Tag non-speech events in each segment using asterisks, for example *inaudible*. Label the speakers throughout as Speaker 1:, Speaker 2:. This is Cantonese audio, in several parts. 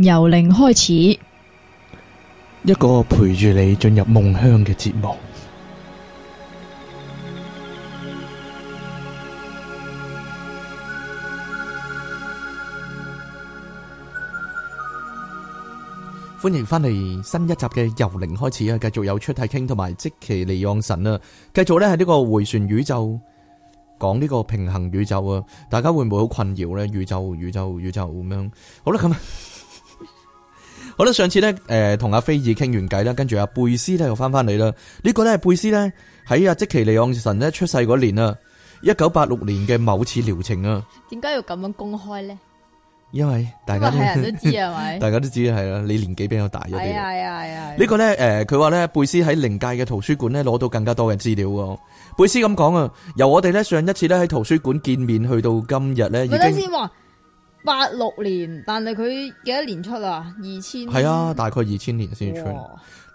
Speaker 1: .由零開
Speaker 2: 始，一個陪住你進入夢鄉嘅節目。歡迎翻嚟新一集嘅由零開始啊！繼續有出題傾同埋即其尼昂神啊！繼續咧喺呢個回旋宇宙講呢個平衡宇宙啊！大家會唔會好困擾呢？宇宙宇宙宇宙咁樣好啦，咁。我咧上次咧，誒，同阿菲爾傾完偈啦，跟住阿貝斯咧又翻翻嚟啦。呢個咧係貝斯咧喺阿即其尼昂神咧出世嗰年啊，一九八六年嘅某次療程啊。
Speaker 1: 點解要咁樣公開咧？
Speaker 2: 因為大家都知係咪？大家都知係啦。你年紀比較大一啲。係啊係啊係
Speaker 1: 啊。呢個咧，
Speaker 2: 誒，佢話咧，貝斯喺靈界嘅圖書館咧攞到更加多嘅資料喎。貝斯咁講啊，由我哋咧上一次咧喺圖書館見面去到今日咧已經。
Speaker 1: 八六年，但係佢幾多年出啊？二
Speaker 2: 千係啊，大概二千年先出。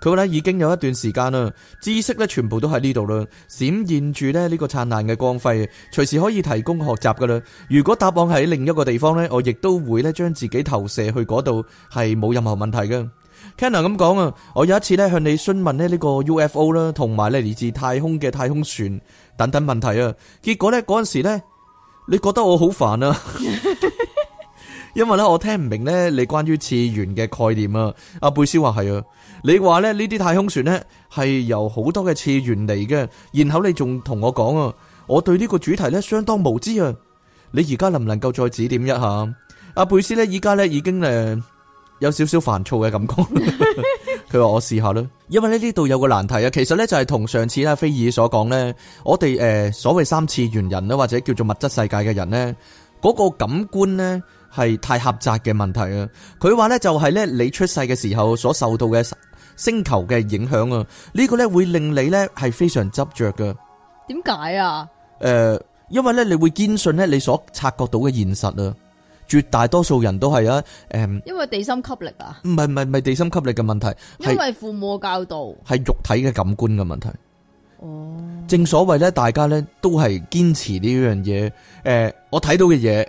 Speaker 2: 佢話，哦，已經有一段時間啦，知識咧全部都喺呢度啦，閃現住咧呢個燦爛嘅光輝，隨時可以提供學習噶啦。如果答案喺另一個地方呢，我亦都會咧將自己投射去嗰度，係冇任何問題嘅。Canner 咁講啊，我有一次咧向你詢問咧呢個 UFO 啦，同埋咧嚟自太空嘅太空船等等問題啊，結果呢，嗰陣時咧你覺得我好煩啊。 *laughs* 因為咧，我聽唔明咧你關於次元嘅概念啊！阿貝斯話係啊，你話咧呢啲太空船咧係由好多嘅次元嚟嘅然後你仲同我講啊，我對呢個主題咧相當無知啊！你而家能唔能夠再指點一下？阿貝斯咧，依家咧已經誒，有少少煩躁嘅感覺，佢話 *laughs* *laughs* 我試下啦。因為咧呢度有個難題啊，其實咧就係同上次阿菲爾所講咧，我哋誒所謂三次元人啦，或者叫做物質世界嘅人咧，嗰個感官咧。係太狹窄嘅問題啊！佢話呢，就係咧你出世嘅時候所受到嘅星球嘅影響啊！呢、這個呢，會令你呢係非常執着噶。
Speaker 1: 點解啊？
Speaker 2: 誒、呃，因為呢，你會堅信咧你所察覺到嘅現實啊！絕大多數人都係啊，誒、
Speaker 1: 呃，因為地心吸力啊？
Speaker 2: 唔係唔係地心吸力嘅問題，因為
Speaker 1: 父母教導，
Speaker 2: 係肉體嘅感官嘅問題。哦，正所謂呢，大家咧都係堅持呢樣嘢。誒、呃，我睇到嘅嘢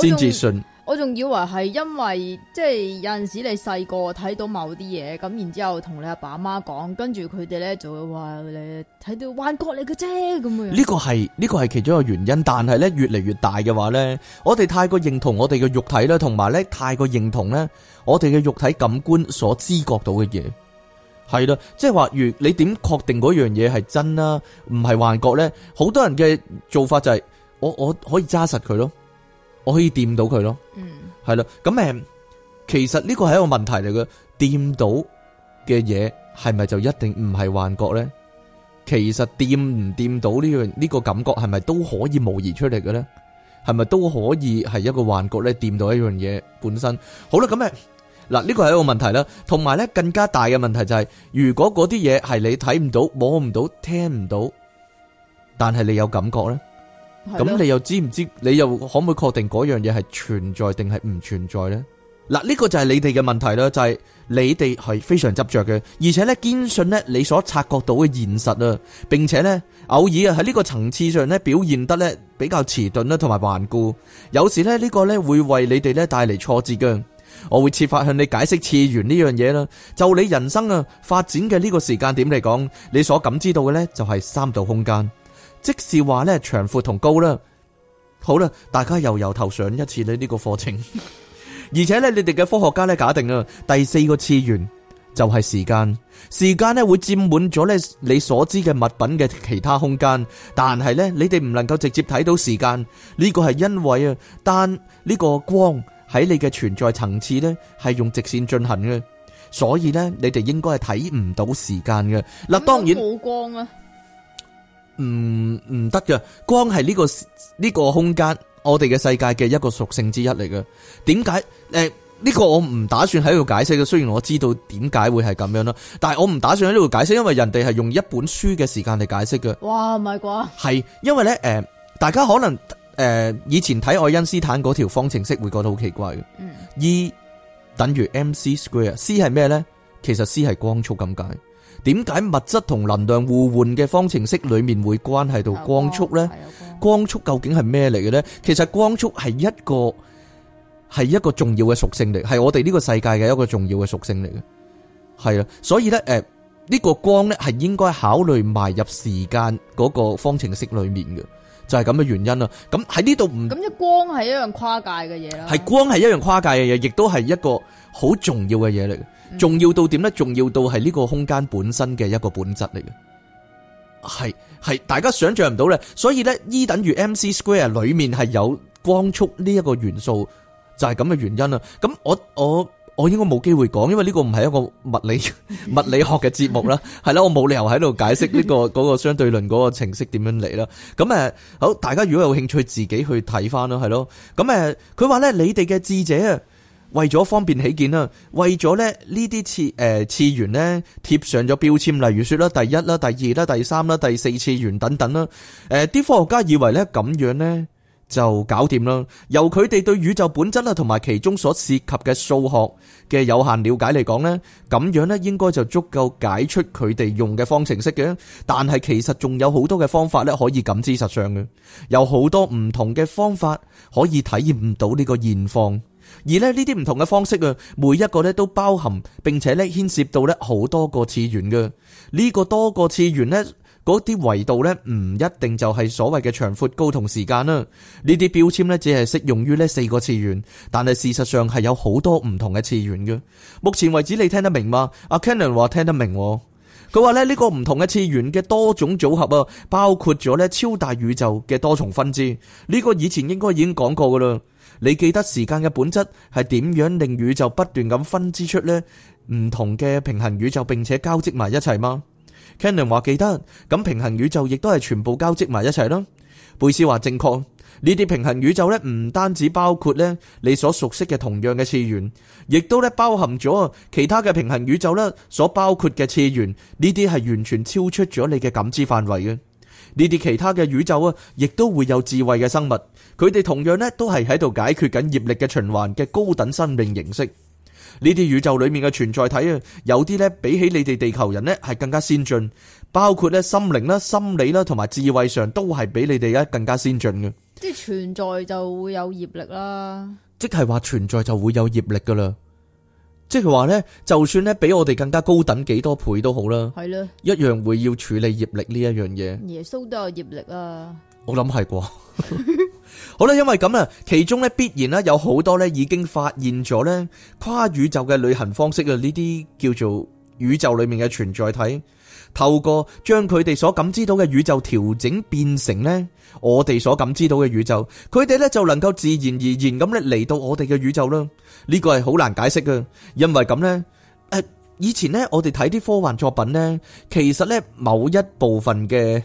Speaker 2: 先至信。
Speaker 1: 我仲以為係因為即係有陣時你細個睇到某啲嘢，咁然之後同你阿爸阿媽講，跟住佢哋咧就會話你睇到幻覺嚟嘅啫。咁樣，呢個
Speaker 2: 係呢、呢個係其中一個原因，但係咧越嚟越大嘅話咧，我哋太過認同我哋嘅肉體啦，同埋咧太過認同咧我哋嘅肉體感官所知覺到嘅嘢，係啦，即係話如你點確定嗰樣嘢係真啦，唔係幻覺咧？好多人嘅做法就係、是、我我可以揸實佢咯。我可以掂到佢咯，係咯、嗯，咁誒，其實呢個係一個問題嚟嘅，掂到嘅嘢係咪就一定唔係幻覺咧？其實掂唔掂到呢樣呢個感覺係咪都可以模擬出嚟嘅咧？係咪都可以係一個幻覺咧？掂到一樣嘢本身，好啦，咁誒，嗱呢個係一個問題啦，同埋咧更加大嘅問題就係、是，如果嗰啲嘢係你睇唔到、摸唔到、聽唔到，但係你有感覺咧。咁你又知唔知？你又可唔可以確定嗰樣嘢係存在定係唔存在呢？嗱，呢個就係你哋嘅問題啦，就係你哋係非常執着嘅，而且咧堅信咧你所察覺到嘅現實啊，並且咧偶爾啊喺呢個層次上咧表現得咧比較遲鈍啦，同埋頑固，有時咧呢個咧會為你哋咧帶嚟挫折嘅。我會設法向你解釋次元呢樣嘢啦。就你人生啊發展嘅呢個時間點嚟講，你所感知到嘅咧就係三度空間。即是話咧長闊同高啦，好啦，大家又由，由頭上一次咧呢、這個課程， *laughs* 而且咧你哋嘅科學家咧假定啊，第四個次元就係時間，時間咧會佔滿咗咧你所知嘅物品嘅其他空間，但係咧你哋唔能夠直接睇到時間呢個係因為啊，但呢個光喺你嘅存在層次咧係用直線進行嘅，所以咧你哋應該係睇唔到時間嘅。嗱，當然
Speaker 1: 冇光啊。
Speaker 2: 唔唔得嘅，光係呢、這個呢、這個空間我哋嘅世界嘅一個屬性之一嚟嘅。點解？誒、呃，呢、這個我唔打算喺度解釋嘅。雖然我知道點解會係咁樣啦，但係我唔打算喺呢度解釋，因為人哋係用一本書嘅時間嚟解釋嘅。
Speaker 1: 哇，唔係啩？
Speaker 2: 係因為呢，誒、呃，大家可能誒、呃、以前睇愛因斯坦嗰條方程式會覺得好奇怪嘅。嗯、E 等於 M C square，C 係咩呢？其實 C 係光速咁解。點解物質同能量互換嘅方程式裏面會關係到光速呢？光速究竟係咩嚟嘅呢？其實光速係一個係一個重要嘅屬性嚟，係我哋呢個世界嘅一個重要嘅屬性嚟嘅。係啊，所以咧，誒，呢個光咧係應該考慮埋入時間嗰個方程式裏面嘅，就係咁嘅原因啦。咁喺呢度唔咁，即係
Speaker 1: 光係一樣跨界嘅嘢啦。係
Speaker 2: 光係一樣跨界嘅嘢，亦都係一個好重要嘅嘢嚟。重要到點呢？重要到係呢個空間本身嘅一個本質嚟嘅，係係大家想象唔到咧。所以呢 E 等於 M C square 裏面係有光速呢一個元素，就係咁嘅原因啦。咁我我我應該冇機會講，因為呢個唔係一個物理 *laughs* 物理學嘅節目啦，係啦， *laughs* 我冇理由喺度解釋呢個嗰個相對論嗰個程式點樣嚟啦。咁誒，好，大家如果有興趣，自己去睇翻咯，係咯。咁誒，佢話呢，你哋嘅智者啊。為咗方便起見啦，為咗咧呢啲次誒、呃、次元咧貼上咗標籤，例如說啦第一啦，第二啦，第三啦，第四次元等等啦。誒、呃，啲科學家以為呢咁樣呢就搞掂啦。由佢哋對宇宙本質啦同埋其中所涉及嘅數學嘅有限了解嚟講呢，咁樣呢應該就足夠解出佢哋用嘅方程式嘅。但係其實仲有好多嘅方法呢可以感知實上嘅，有好多唔同嘅方法可以體驗唔到呢個現況。而咧呢啲唔同嘅方式啊，每一個咧都包含並且咧牽涉到咧好多個次元嘅呢個多個次元咧，嗰啲維度咧唔一定就係所謂嘅長闊高同時間啊。呢啲標籤咧只係適用於呢四個次元，但係事實上係有好多唔同嘅次元嘅。目前為止你聽得明嗎？阿 Kenan 話聽得明，佢話咧呢個唔同嘅次元嘅多種組合啊，包括咗咧超大宇宙嘅多重分支。呢個以前應該已經講過噶啦。你記得時間嘅本質係點樣令宇宙不斷咁分支出呢唔同嘅平行宇宙，並且交織埋一齊嗎？Kenon 話記得，咁平行宇宙亦都係全部交織埋一齊啦。貝斯話正確，呢啲平行宇宙呢唔單止包括呢你所熟悉嘅同樣嘅次元，亦都咧包含咗其他嘅平行宇宙呢所包括嘅次元，呢啲係完全超出咗你嘅感知範圍嘅。呢啲其他嘅宇宙啊，亦都會有智慧嘅生物，佢哋同樣呢，都係喺度解決緊業力嘅循環嘅高等生命形式。呢啲宇宙裏面嘅存在體啊，有啲呢，比起你哋地球人呢，係更加先進，包括呢，心靈啦、心理啦同埋智慧上都係比你哋咧更加先進嘅。
Speaker 1: 即係存在就會有業力啦，
Speaker 2: 即係話存在就會有業力噶啦。即係佢話咧，就算呢，比我哋更加高等幾多倍都好啦，係咯的，一樣會要處理業力呢一樣嘢。
Speaker 1: 耶穌都有業力啊！
Speaker 2: 我諗係啩。 *laughs* *laughs* 好啦，因為咁啊，其中呢，必然呢，有好多呢已經發現咗呢跨宇宙嘅旅行方式啊！呢啲叫做宇宙裏面嘅存在體，透過將佢哋所感知到嘅宇宙調整變成呢我哋所感知到嘅宇宙，佢哋呢，就能夠自然而然咁咧嚟到我哋嘅宇宙啦。呢個係好難解釋嘅，因為咁呢，以前呢，我哋睇啲科幻作品呢，其實呢某一部分嘅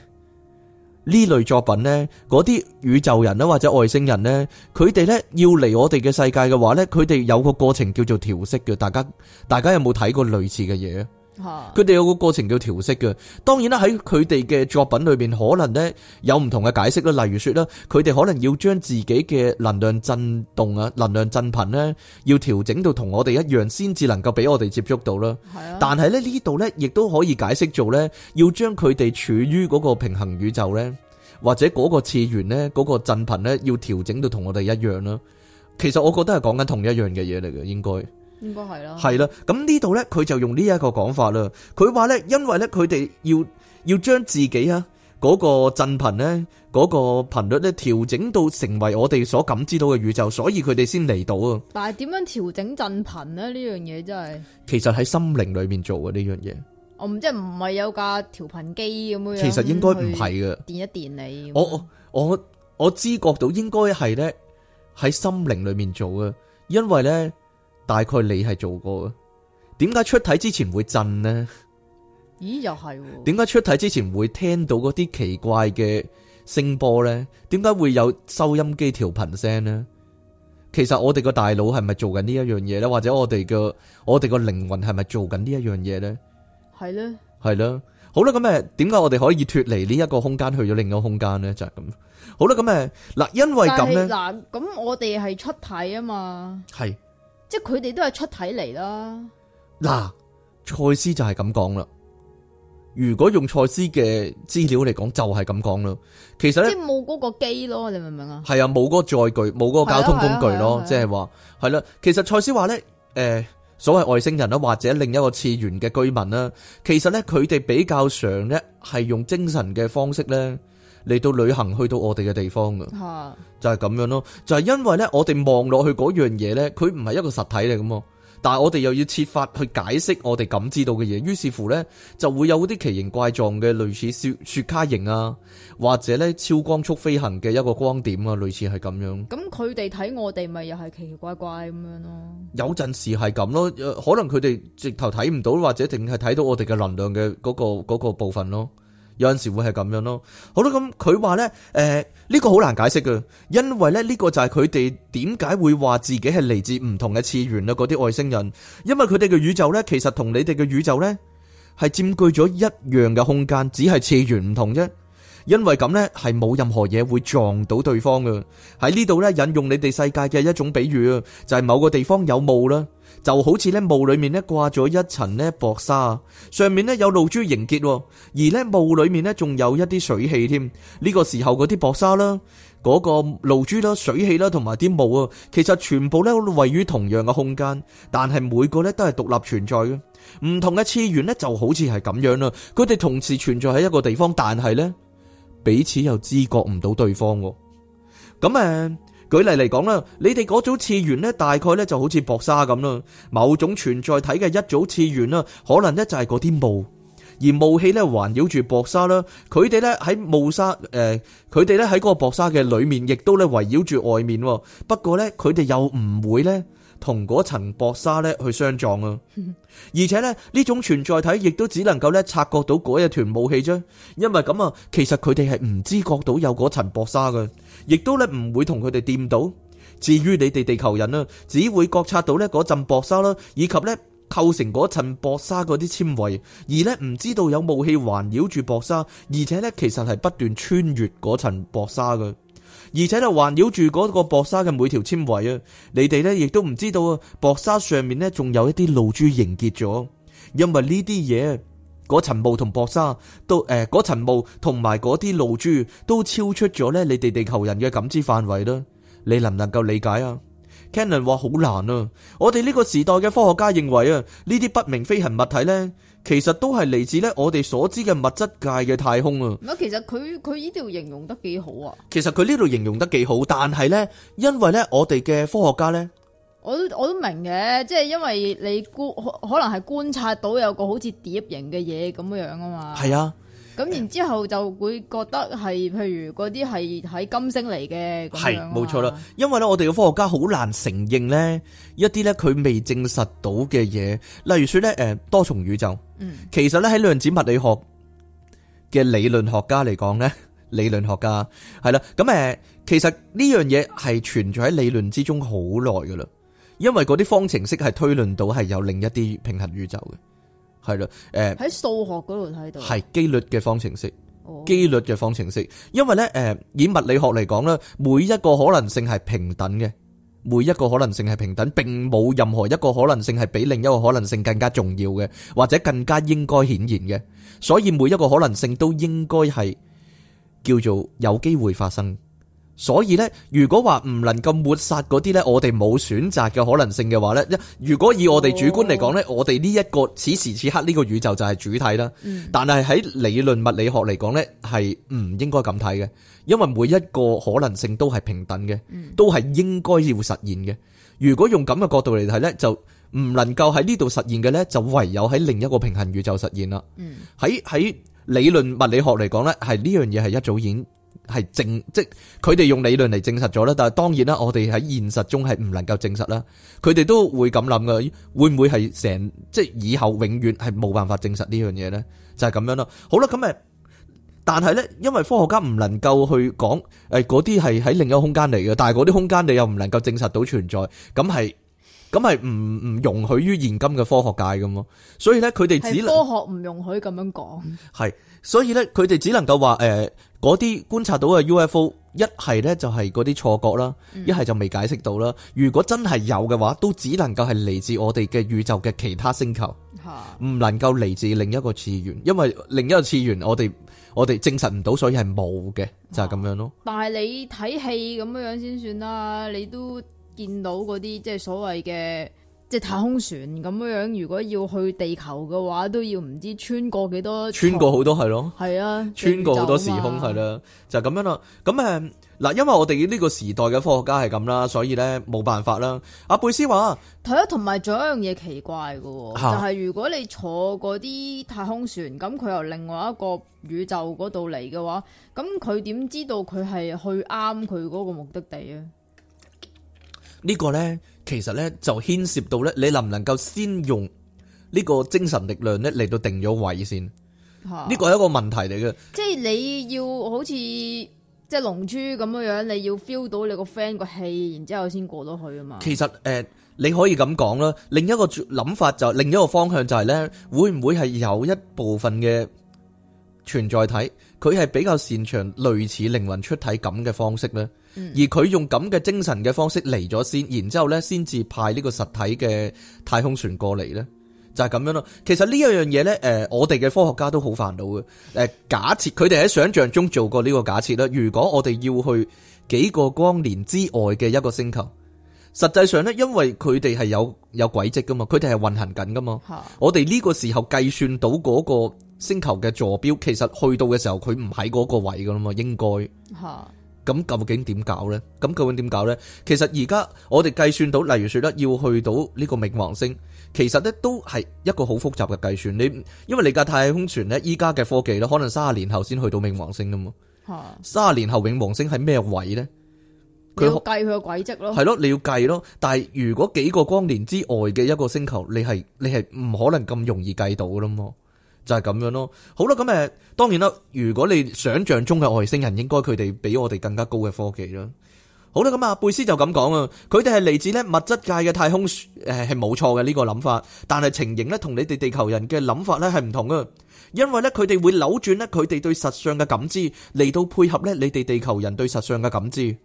Speaker 2: 呢類作品呢，嗰啲宇宙人啦或者外星人呢，佢哋呢要嚟我哋嘅世界嘅話呢，佢哋有個過程叫做調色嘅，大家大家有冇睇過類似嘅嘢？佢哋有個過程叫調色嘅，當然啦，喺佢哋嘅作品裏邊，可能呢有唔同嘅解釋啦。例如說咧，佢哋可能要將自己嘅能量震動啊、能量振頻呢，要調整到同我哋一樣，先至能夠俾我哋接觸到啦。係啊，但係咧呢度呢，亦都可以解釋做呢：要將佢哋處於嗰個平衡宇宙呢，或者嗰個次元呢，嗰個振頻呢，要調整到同我哋一樣啦。其實我覺得係講緊同一樣嘅嘢嚟嘅，應該。應該係啦，係啦，咁呢度咧，佢就用呢一個講法啦。佢話咧，因為咧，佢哋要要將自己啊嗰個振頻咧，嗰個頻率咧調整到成為我哋所感知到嘅宇宙，所以佢哋先嚟到啊。
Speaker 1: 但係點樣調整振頻咧？呢樣嘢真係，
Speaker 2: 其實喺心靈裏面做嘅呢樣嘢。
Speaker 1: 我唔即係唔係有架調頻機咁樣？其實應該唔係嘅。電一電你。我我
Speaker 2: 我我知覺到應該係咧喺心靈裏面做嘅，因為咧。大概你係做過，點解出體之前會震呢？
Speaker 1: 咦，又係喎，點
Speaker 2: 解出體之前會聽到嗰啲奇怪嘅聲波呢？點解會有收音機調頻聲呢？其實我哋個大腦係咪做緊呢一樣嘢呢？或者我哋個我哋個靈魂係咪做緊呢一樣嘢呢？
Speaker 1: 係咧，
Speaker 2: 係咧，好啦，咁誒，點解我哋可以脱離呢一個空間去咗另一個空間呢？就係咁，好啦，咁誒，嗱，因為咁
Speaker 1: 咁我哋係出體啊嘛，係。即係佢哋都係出體嚟啦。
Speaker 2: 嗱、啊，賽斯就係咁講啦。如果用賽斯嘅資料嚟講，就係咁講啦。其實咧，即係
Speaker 1: 冇嗰個機咯，你明唔明啊？係
Speaker 2: 啊，冇嗰個載具，冇嗰個交通工具咯，即係話係啦。其實賽斯話咧，誒、呃，所謂外星人啦，或者另一個次元嘅居民啦，其實咧佢哋比較常咧係用精神嘅方式咧。嚟到旅行去到我哋嘅地方嘅，啊、就係咁樣咯。就係、是、因為咧，我哋望落去嗰樣嘢咧，佢唔係一個實體嚟咁啊。但係我哋又要設法去解釋我哋感知到嘅嘢，於是乎咧就會有啲奇形怪狀嘅類似雪雪茄形啊，或者咧超光速飛行嘅一個光點啊，類似係咁樣。咁
Speaker 1: 佢哋睇我哋咪又係奇奇怪怪咁樣咯？
Speaker 2: 有陣時係咁咯，可能佢哋直頭睇唔到，或者淨係睇到我哋嘅能量嘅嗰、嗰個、嗰個部分咯。有陣時會係咁樣咯，好啦，咁佢話咧，誒，呢個好難解釋嘅，因為咧呢個就係佢哋點解會話自己係嚟自唔同嘅次元啦，嗰啲外星人，因為佢哋嘅宇宙咧，其實同你哋嘅宇宙咧係佔據咗一樣嘅空間，只係次元唔同啫，因為咁咧係冇任何嘢會撞到對方嘅，喺呢度咧引用你哋世界嘅一種比喻啊，就係某個地方有霧啦。就好似咧霧裏面咧掛咗一層咧薄紗，上面咧有露珠凝結，而咧霧裏面咧仲有一啲水氣添。呢個時候嗰啲薄紗啦、嗰個露珠啦、水氣啦，同埋啲霧啊，其實全部咧位於同樣嘅空間，但係每個咧都係獨立存在嘅。唔同嘅次元咧就好似係咁樣啦，佢哋同時存在喺一個地方，但係咧彼此又知覺唔到對方。咁啊～舉例嚟講啦，你哋嗰組次元呢，大概呢就好似薄紗咁啦。某種存在體嘅一組次元啦，可能呢就係嗰啲霧，而霧氣呢環繞住薄紗啦。佢哋呢喺霧沙誒，佢哋呢喺嗰個薄紗嘅裏面，亦都呢圍繞住外面。不過呢，佢哋又唔會呢同嗰層薄紗呢去相撞啊。而且呢，呢種存在體亦都只能夠呢察覺到嗰一團霧氣啫。因為咁啊，其實佢哋係唔知覺到有嗰層薄紗嘅。亦都咧唔會同佢哋掂到。至於你哋地球人啦，只會覺察到咧嗰陣薄紗啦，以及咧構成嗰層薄紗嗰啲纖維，而咧唔知道有霧氣環繞住薄紗，而且咧其實係不斷穿越嗰層薄紗嘅，而且就環繞住嗰個薄紗嘅每條纖維啊。你哋咧亦都唔知道啊，薄紗上面咧仲有一啲露珠凝結咗，因為呢啲嘢。嗰層霧同薄紗都，誒、呃、嗰層霧同埋嗰啲露珠都超出咗咧你哋地球人嘅感知範圍啦。你能唔能夠理解啊？Cannon 話好難啊。我哋呢個時代嘅科學家認為啊，呢啲不明飛行物體咧，其實都係嚟自咧我哋所知嘅物質界嘅太空啊。
Speaker 1: 唔其實佢佢呢度形容得幾好啊。
Speaker 2: 其實佢呢度形容得幾好，但係咧，因為咧我哋嘅科學家咧。
Speaker 1: 我都我都明嘅，即係因為你觀可能係觀察到有個好似碟形嘅嘢，咁樣樣啊嘛。係啊，咁然之後就會覺得係，呃、譬如嗰啲係喺金星嚟嘅。係冇錯
Speaker 2: 啦，因為咧，我哋嘅科學家好難承認咧一啲咧佢未證實到嘅嘢，例如說咧，誒多重宇宙，嗯，其實咧喺量子物理學嘅理論學家嚟講咧， *laughs* 理論學家係啦，咁誒，其實呢樣嘢係存在喺理論之中好耐噶啦。因為嗰啲方程式係推論到係有另一啲平衡宇宙嘅，係咯，誒，喺
Speaker 1: 數學嗰度睇到係
Speaker 2: 幾率嘅方程式，幾率嘅方程式。因為咧，誒，以物理學嚟講咧，每一個可能性係平等嘅，每一個可能性係平等，並冇任何一個可能性係比另一個可能性更加重要嘅，或者更加應該顯現嘅。所以每一個可能性都應該係叫做有機會發生。所以咧，如果話唔能夠抹殺嗰啲咧，我哋冇選擇嘅可能性嘅話咧，一如果以我哋主觀嚟講咧，我哋呢一個此時此刻呢個宇宙就係主體啦。嗯。但係喺理論物理學嚟講咧，係唔應該咁睇嘅，因為每一個可能性都係平等嘅，都係應該要實現嘅。如果用咁嘅角度嚟睇咧，就唔能夠喺呢度實現嘅咧，就唯有喺另一個平衡宇宙實現啦。嗯。喺喺理論物理學嚟講咧，係呢樣嘢係一早已。係證，即係佢哋用理論嚟證實咗啦，但係當然啦，我哋喺現實中係唔能夠證實啦。佢哋都會咁諗嘅，會唔會係成，即係以後永遠係冇辦法證實呢樣嘢咧？就係咁樣咯。好啦，咁咪但係咧，因為科學家唔能夠去講誒，嗰啲係喺另一個空間嚟嘅，但係嗰啲空間你又唔能夠證實到存在，咁係咁係唔唔容許於現今嘅科學界咁咯。所以咧，佢哋只能科
Speaker 1: 學唔容許咁樣講，
Speaker 2: 係所以咧，佢哋只能夠話誒。嗰啲觀察到嘅 UFO，一係呢就係嗰啲錯覺啦，一係就未解釋到啦。嗯、如果真係有嘅話，都只能夠係嚟自我哋嘅宇宙嘅其他星球，啊、唔能夠嚟自另一個次元，因為另一個次元我哋我哋證實唔到，所以係冇嘅，就係、是、咁樣咯、啊。
Speaker 1: 但係你睇戲咁樣先算啦，你都見到嗰啲即係所謂嘅。即係太空船咁樣樣，如果要去地球嘅話，都要唔知穿過幾多穿過好多係咯，係啊，穿過好多時空係
Speaker 2: 啦、嗯啊，就咁、係、樣啦。咁誒嗱，因為我哋呢個時代嘅科學家係咁啦，所以咧冇辦法啦。阿貝斯話，
Speaker 1: 睇下同埋仲有一樣嘢奇怪嘅，就係、係、如果你坐嗰啲太空船，咁佢、啊、由另外一個宇宙嗰度嚟嘅話，咁佢點知道佢係去啱佢嗰個目的地啊？個
Speaker 2: 呢個咧。其實咧就牽涉到咧，你能唔能夠先用呢個精神力量咧嚟，到定咗位先？
Speaker 1: 呢個係一
Speaker 2: 個問題嚟嘅。
Speaker 1: 即係你要好似即係龍珠咁樣樣，你要 feel 到你個 friend 個氣，然之後先過到去啊嘛。其實
Speaker 2: 誒、呃，你可以咁講啦。另一個諗法就是，另一個方向就係、是、咧，會唔會係有一部分嘅存在體，佢係比較擅長類似靈魂出體咁嘅方式咧？嗯、而佢用咁嘅精神嘅方式嚟咗先，然之後呢，先至派呢個實體嘅太空船過嚟呢，就係、是、咁樣咯。其實呢一樣嘢呢，誒、呃，我哋嘅科學家都好煩惱嘅。誒、呃，假設佢哋喺想象中做過呢個假設啦，如果我哋要去幾個光年之外嘅一個星球，實際上呢，因為佢哋係有有軌跡噶嘛，佢哋係運行緊噶嘛，的我哋呢個時候計算到嗰個星球嘅坐標，其實去到嘅時候，佢唔喺嗰個位噶啦嘛，應該。咁究竟點搞呢？咁究竟點搞呢？其實而家我哋計算到，例如說咧要去到呢個冥王星，其實咧都係一個好複雜嘅計算。你因為你架太空船呢，依家嘅科技咧，可能三十年後先去到冥王星噶嘛。三十、啊、年後冥王星係咩位呢？你要
Speaker 1: 計佢個軌跡咯。係咯，
Speaker 2: 你要計咯。但係如果幾個光年之外嘅一個星球，你係你係唔可能咁容易計到噶嘛？就係咁樣咯，好啦，咁誒，當然啦，如果你想象中嘅外星人，應該佢哋比我哋更加高嘅科技咯。好啦，咁啊，貝斯就咁講啊，佢哋係嚟自呢物質界嘅太空，誒係冇錯嘅呢個諗法，但係情形呢，同你哋地球人嘅諗法呢係唔同啊，因為呢，佢哋會扭轉呢，佢哋對實相嘅感知，嚟到配合呢，你哋地球人對實相嘅感知。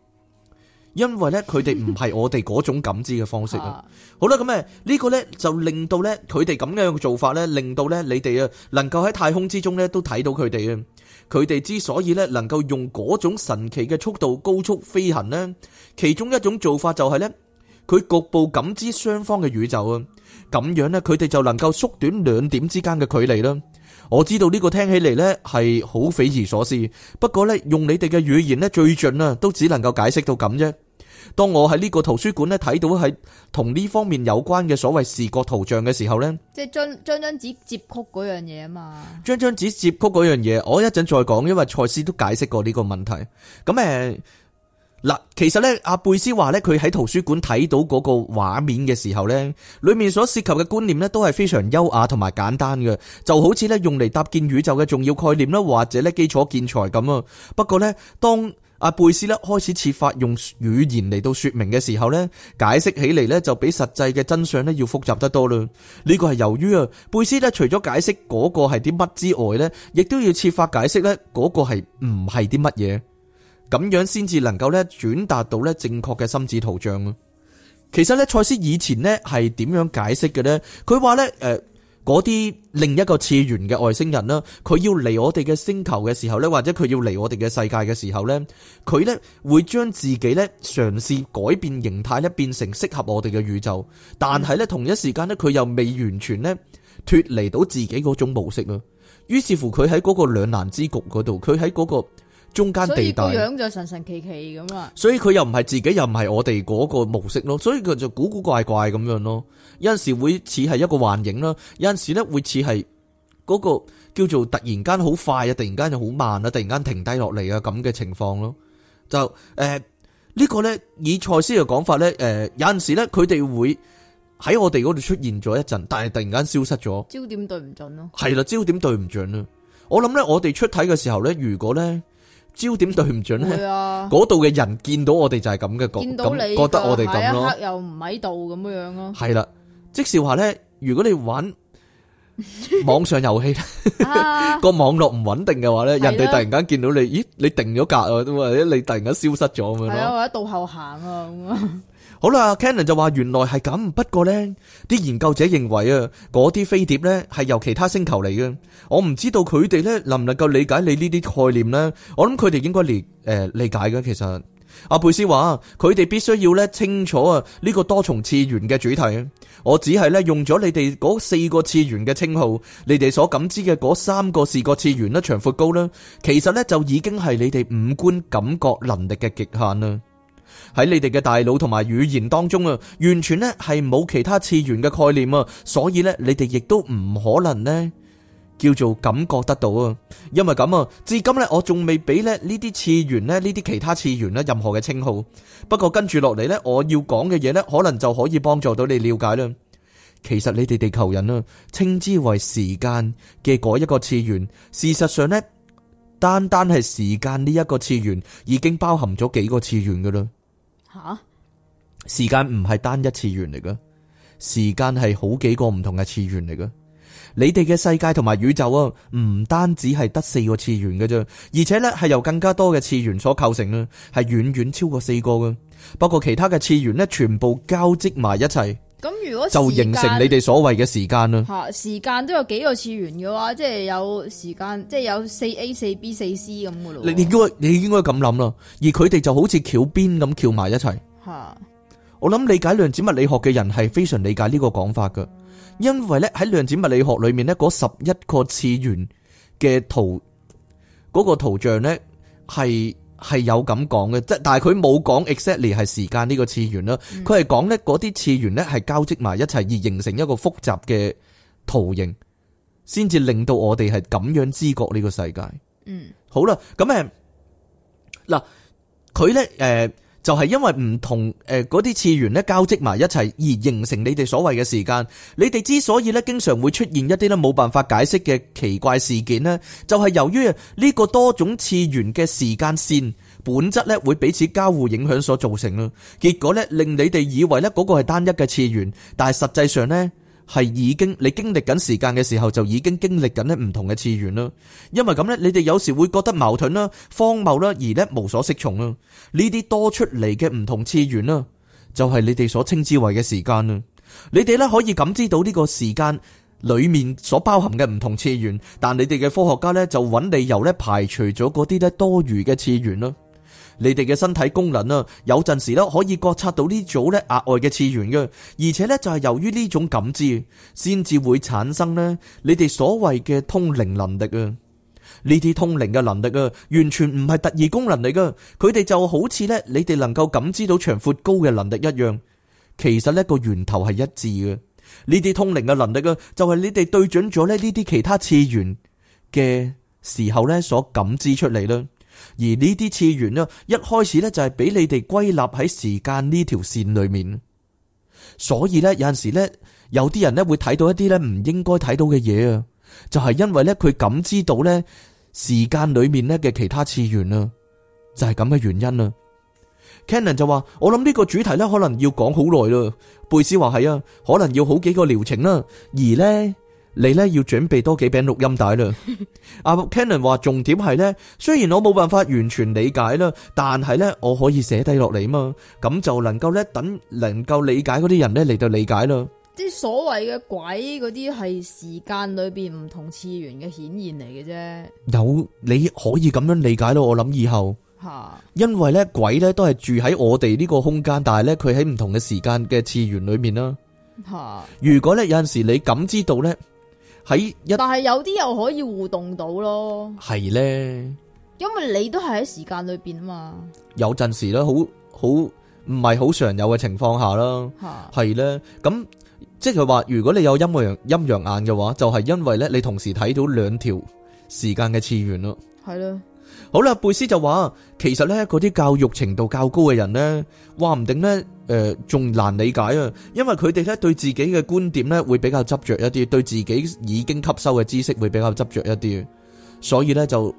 Speaker 2: 因為咧，佢哋唔係我哋嗰種感知嘅方式啦。好啦，咁誒，呢個咧就令到咧，佢哋咁樣嘅做法咧，令到咧你哋啊，能夠喺太空之中咧都睇到佢哋啊。佢哋之所以咧能夠用嗰種神奇嘅速度高速飛行咧，其中一種做法就係咧，佢局部感知雙方嘅宇宙啊，咁樣咧，佢哋就能夠縮短兩點之間嘅距離啦。我知道呢個聽起嚟呢，係好匪夷所思，不過呢，用你哋嘅語言呢，最盡啊，都只能夠解釋到咁啫。當我喺呢個圖書館呢睇到喺同呢方面有關嘅所謂視覺圖像嘅時候呢，
Speaker 1: 即係將將張紙折曲嗰樣嘢啊嘛，
Speaker 2: 將張紙折曲嗰樣嘢，我一陣再講，因為蔡司都解釋過呢個問題。咁誒。呃嗱，其實咧，阿貝斯話咧，佢喺圖書館睇到嗰個畫面嘅時候呢，裏面所涉及嘅觀念呢，都係非常優雅同埋簡單嘅，就好似呢，用嚟搭建宇宙嘅重要概念啦，或者咧基礎建材咁啊。不過呢，當阿貝斯咧開始設法用語言嚟到說明嘅時候呢，解釋起嚟呢，就比實際嘅真相呢要複雜得多啦。呢個係由於啊，貝斯呢除咗解釋嗰個係啲乜之外呢，亦都要設法解釋呢，嗰個係唔係啲乜嘢。咁樣先至能夠咧轉達到咧正確嘅心智圖像咯。其實咧，賽斯以前咧係點樣解釋嘅呢？佢話咧，誒、呃，嗰啲另一個次元嘅外星人啦，佢要嚟我哋嘅星球嘅時候咧，或者佢要嚟我哋嘅世界嘅時候咧，佢咧會將自己咧嘗試改變形態咧，變成適合我哋嘅宇宙。但係咧，同一時間咧，佢又未完全咧脫離到自己嗰種模式咯。於是乎，佢喺嗰個兩難之局嗰度，佢喺嗰個。中間地帶，所以佢樣
Speaker 1: 就神神奇奇咁啊！
Speaker 2: 所以佢又唔係自己，又唔係我哋嗰個模式咯，所以佢就古古怪怪咁樣咯。有陣時會似係一個幻影啦，有陣時咧會似係嗰個叫做突然間好快啊，突然間就好慢啊，突然間停低落嚟啊咁嘅情況咯。就誒呢個咧，以蔡司嘅講法咧，誒有陣時咧佢哋會喺我哋嗰度出現咗一陣，但係突然間消失咗。焦
Speaker 1: 點對唔準咯，係
Speaker 2: 啦，焦點對唔準啊。我諗咧，我哋出體嘅時候咧，如果咧。焦點對唔準咧，喺嗰度嘅人見到我哋就係咁嘅覺，到你覺得我哋咁咯，刻
Speaker 1: 又唔喺度咁樣樣咯。係
Speaker 2: 啦，即是話咧，如果你玩 *laughs* 網上遊戲，個網絡唔穩定嘅話咧，啊、人哋突然間見到你，咦，你定咗格啊，都或者你突然間消失咗咁樣咯。係
Speaker 1: 啊，或者倒後行啊。 *laughs*
Speaker 2: 好啦，Canon 就話原來係咁，不過呢啲研究者認為啊，嗰啲飛碟呢係由其他星球嚟嘅。我唔知道佢哋呢能唔能夠理解你呢啲概念呢？我諗佢哋應該理誒、呃、理解嘅。其實阿佩斯話，佢哋必須要咧清楚啊呢個多重次元嘅主題。我只係咧用咗你哋嗰四個次元嘅稱號，你哋所感知嘅嗰三個視覺次元啦、長闊高啦，其實呢就已經係你哋五官感覺能力嘅極限啦。喺你哋嘅大腦同埋語言當中啊，完全咧係冇其他次元嘅概念啊，所以咧你哋亦都唔可能咧叫做感覺得到啊。因為咁啊，至今咧我仲未俾咧呢啲次元咧呢啲其他次元咧任何嘅稱號。不過跟住落嚟咧，我要講嘅嘢咧，可能就可以幫助到你了解啦。其實你哋地球人啊，稱之為時間嘅嗰一個次元，事實上咧單單係時間呢一個次元已經包含咗幾個次元噶啦。吓，時間唔係單一次元嚟噶，時間係好幾個唔同嘅次元嚟噶。你哋嘅世界同埋宇宙啊，唔單止係得四個次元嘅啫，而且咧係由更加多嘅次元所構成啊，係遠遠超過四個噶。不過其他嘅次元咧，全部交織埋一齊。
Speaker 1: 咁如果就形成你哋所
Speaker 2: 謂嘅時間啦，吓，
Speaker 1: 時間都有幾個次元嘅話，即係有時間，即係有四 A、四 B、四 C 咁嘅
Speaker 2: 咯。你你應該你應該咁諗啦，而佢哋就好似翹邊咁翹埋一齊。吓，我諗理解量子物理學嘅人係非常理解呢個講法㗎，因為咧喺量子物理學裏面咧，嗰十一個次元嘅圖嗰個圖像咧係。係有咁講嘅，即但係佢冇講 exactly 係時間呢個次元啦，佢係講咧嗰啲次元咧係交織埋一齊而形成一個複雜嘅圖形，先至令到我哋係咁樣知覺呢個世界。嗯，好啦，咁誒，嗱、呃，佢咧誒。呃就係因為唔同誒嗰啲次元咧交織埋一齊而形成你哋所謂嘅時間。你哋之所以咧經常會出現一啲咧冇辦法解釋嘅奇怪事件呢就係、是、由於呢個多種次元嘅時間線本質咧會彼此交互影響所造成啦。結果咧令你哋以為咧嗰個係單一嘅次元，但係實際上呢。係已經你經歷緊時間嘅時候，就已經經歷緊咧唔同嘅次元啦，因為咁呢，你哋有時會覺得矛盾啦、荒謬啦，而呢，無所適從啦。呢啲多出嚟嘅唔同次元啦，就係你哋所稱之為嘅時間啦。你哋呢，可以感知到呢個時間裏面所包含嘅唔同次元，但你哋嘅科學家呢，就揾理由呢，排除咗嗰啲咧多餘嘅次元啦。你哋嘅身體功能啊，有陣時咧可以覺察到呢組咧額外嘅次元嘅，而且咧就係由於呢種感知，先至會產生呢你哋所謂嘅通靈能力啊。呢啲通靈嘅能力啊，完全唔係特異功能嚟噶，佢哋就好似咧你哋能夠感知到長闊高嘅能力一樣，其實呢個源頭係一致嘅。呢啲通靈嘅能力啊，就係你哋對準咗咧呢啲其他次元嘅時候咧所感知出嚟啦。而呢啲次元呢，一開始呢就係俾你哋歸納喺時間呢條線裏面，所以呢，有陣時呢有啲人呢會睇到一啲呢唔應該睇到嘅嘢啊，就係因為呢，佢感知到呢時間裏面呢嘅其他次元啊，就係咁嘅原因啊。Cannon 就話：我諗呢個主題呢，可能要講好耐咯。貝斯話：係啊，可能要好幾個療程啦。而呢。你咧要準備多幾餅錄音帶啦。阿 Cannon 話重點係咧，雖然我冇辦法完全理解啦，但係咧我可以寫低落嚟啊嘛，咁就能夠咧等能夠理解嗰啲人咧嚟到理解啦。
Speaker 1: 即係所謂嘅鬼嗰啲係時間裏邊唔同次元嘅顯現嚟嘅啫。
Speaker 2: 有你可以咁樣理解咯，我諗以後吓，因為咧鬼咧都係住喺我哋呢個空間，但係咧佢喺唔同嘅時間嘅次元裏面啦。吓，如果咧有陣時你感知到咧。喺，但
Speaker 1: 係有啲又可以互動到咯。係咧，因為你都係喺時間裏邊啊嘛。
Speaker 2: 有陣時咧，好好唔係好常有嘅情況下啦，吓，係咧。咁即係話，如果你有陰陽陰陽眼嘅話，就係因為咧，你同時睇到兩條時間嘅次元咯。係咧。好啦，貝斯就話，其實咧，嗰啲教育程度較高嘅人咧，話唔定咧，誒，仲難理解啊，因為佢哋咧對自己嘅觀點咧會比較執着一啲，對自己已經吸收嘅知識會比較執着一啲，所以咧就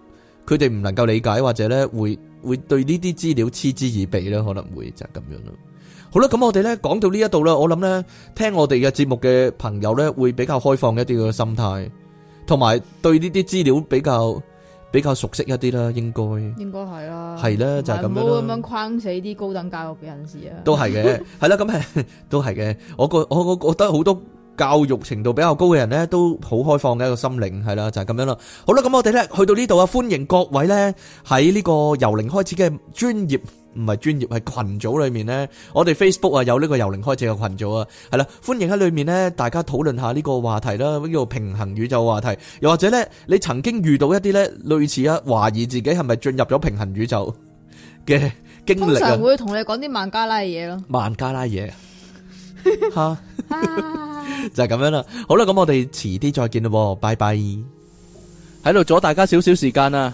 Speaker 2: 佢哋唔能夠理解或者咧會會對呢啲資料嗤之以鼻咧，可能會就係咁樣咯。好啦，咁我哋咧講到呢一度啦，我諗咧，聽我哋嘅節目嘅朋友咧會比較開放一啲嘅心態，同埋對呢啲資料比較。比較熟悉一啲啦，應該
Speaker 1: 應該係啦，係啦就係咁樣咯。唔好咁樣框死啲高等教育嘅人士啊， *laughs* 都係嘅，
Speaker 2: 係啦，咁係都係嘅。我覺我我覺得好多教育程度比較高嘅人呢，都好開放嘅一個心靈係啦，就係咁樣啦。好啦，咁我哋呢去到呢度啊，歡迎各位呢喺呢個由零開始嘅專業唔係專業係群組裏面呢。我哋 Facebook 啊有呢個由零開始嘅群組啊，係啦，歡迎喺裏面呢，大家討論下呢個話題啦，叫做平衡宇宙話題，又或者呢，你曾經遇到一啲呢類似啊懷疑自己係咪進入咗平衡宇宙嘅經歷啊，通常
Speaker 1: 會同你講啲孟加拉嘢
Speaker 2: 咯，孟加拉嘢 *laughs* *laughs* *laughs* 就係咁樣啦，好啦，咁我哋遲啲再見啦，拜拜，喺度阻大家少少時間啊。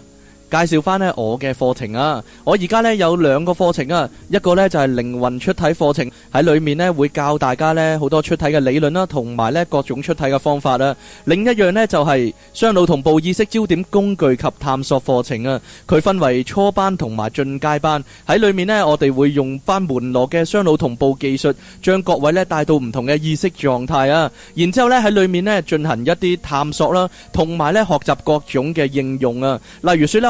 Speaker 2: 介紹翻咧我嘅課程啊！我而家咧有兩個課程啊，一個咧就係靈魂出體課程，喺裡面咧會教大家咧好多出體嘅理論啦，同埋咧各種出體嘅方法啦，另一樣咧就係雙腦同步意識焦點工具及探索課程啊。佢分為初班同埋進階班，喺裡面咧我哋會用翻門羅嘅雙腦同步技術將各位咧帶到唔同嘅意識狀態啊。然之後咧喺裡面咧進行一啲探索啦，同埋咧學習各種嘅應用啊。例如說咧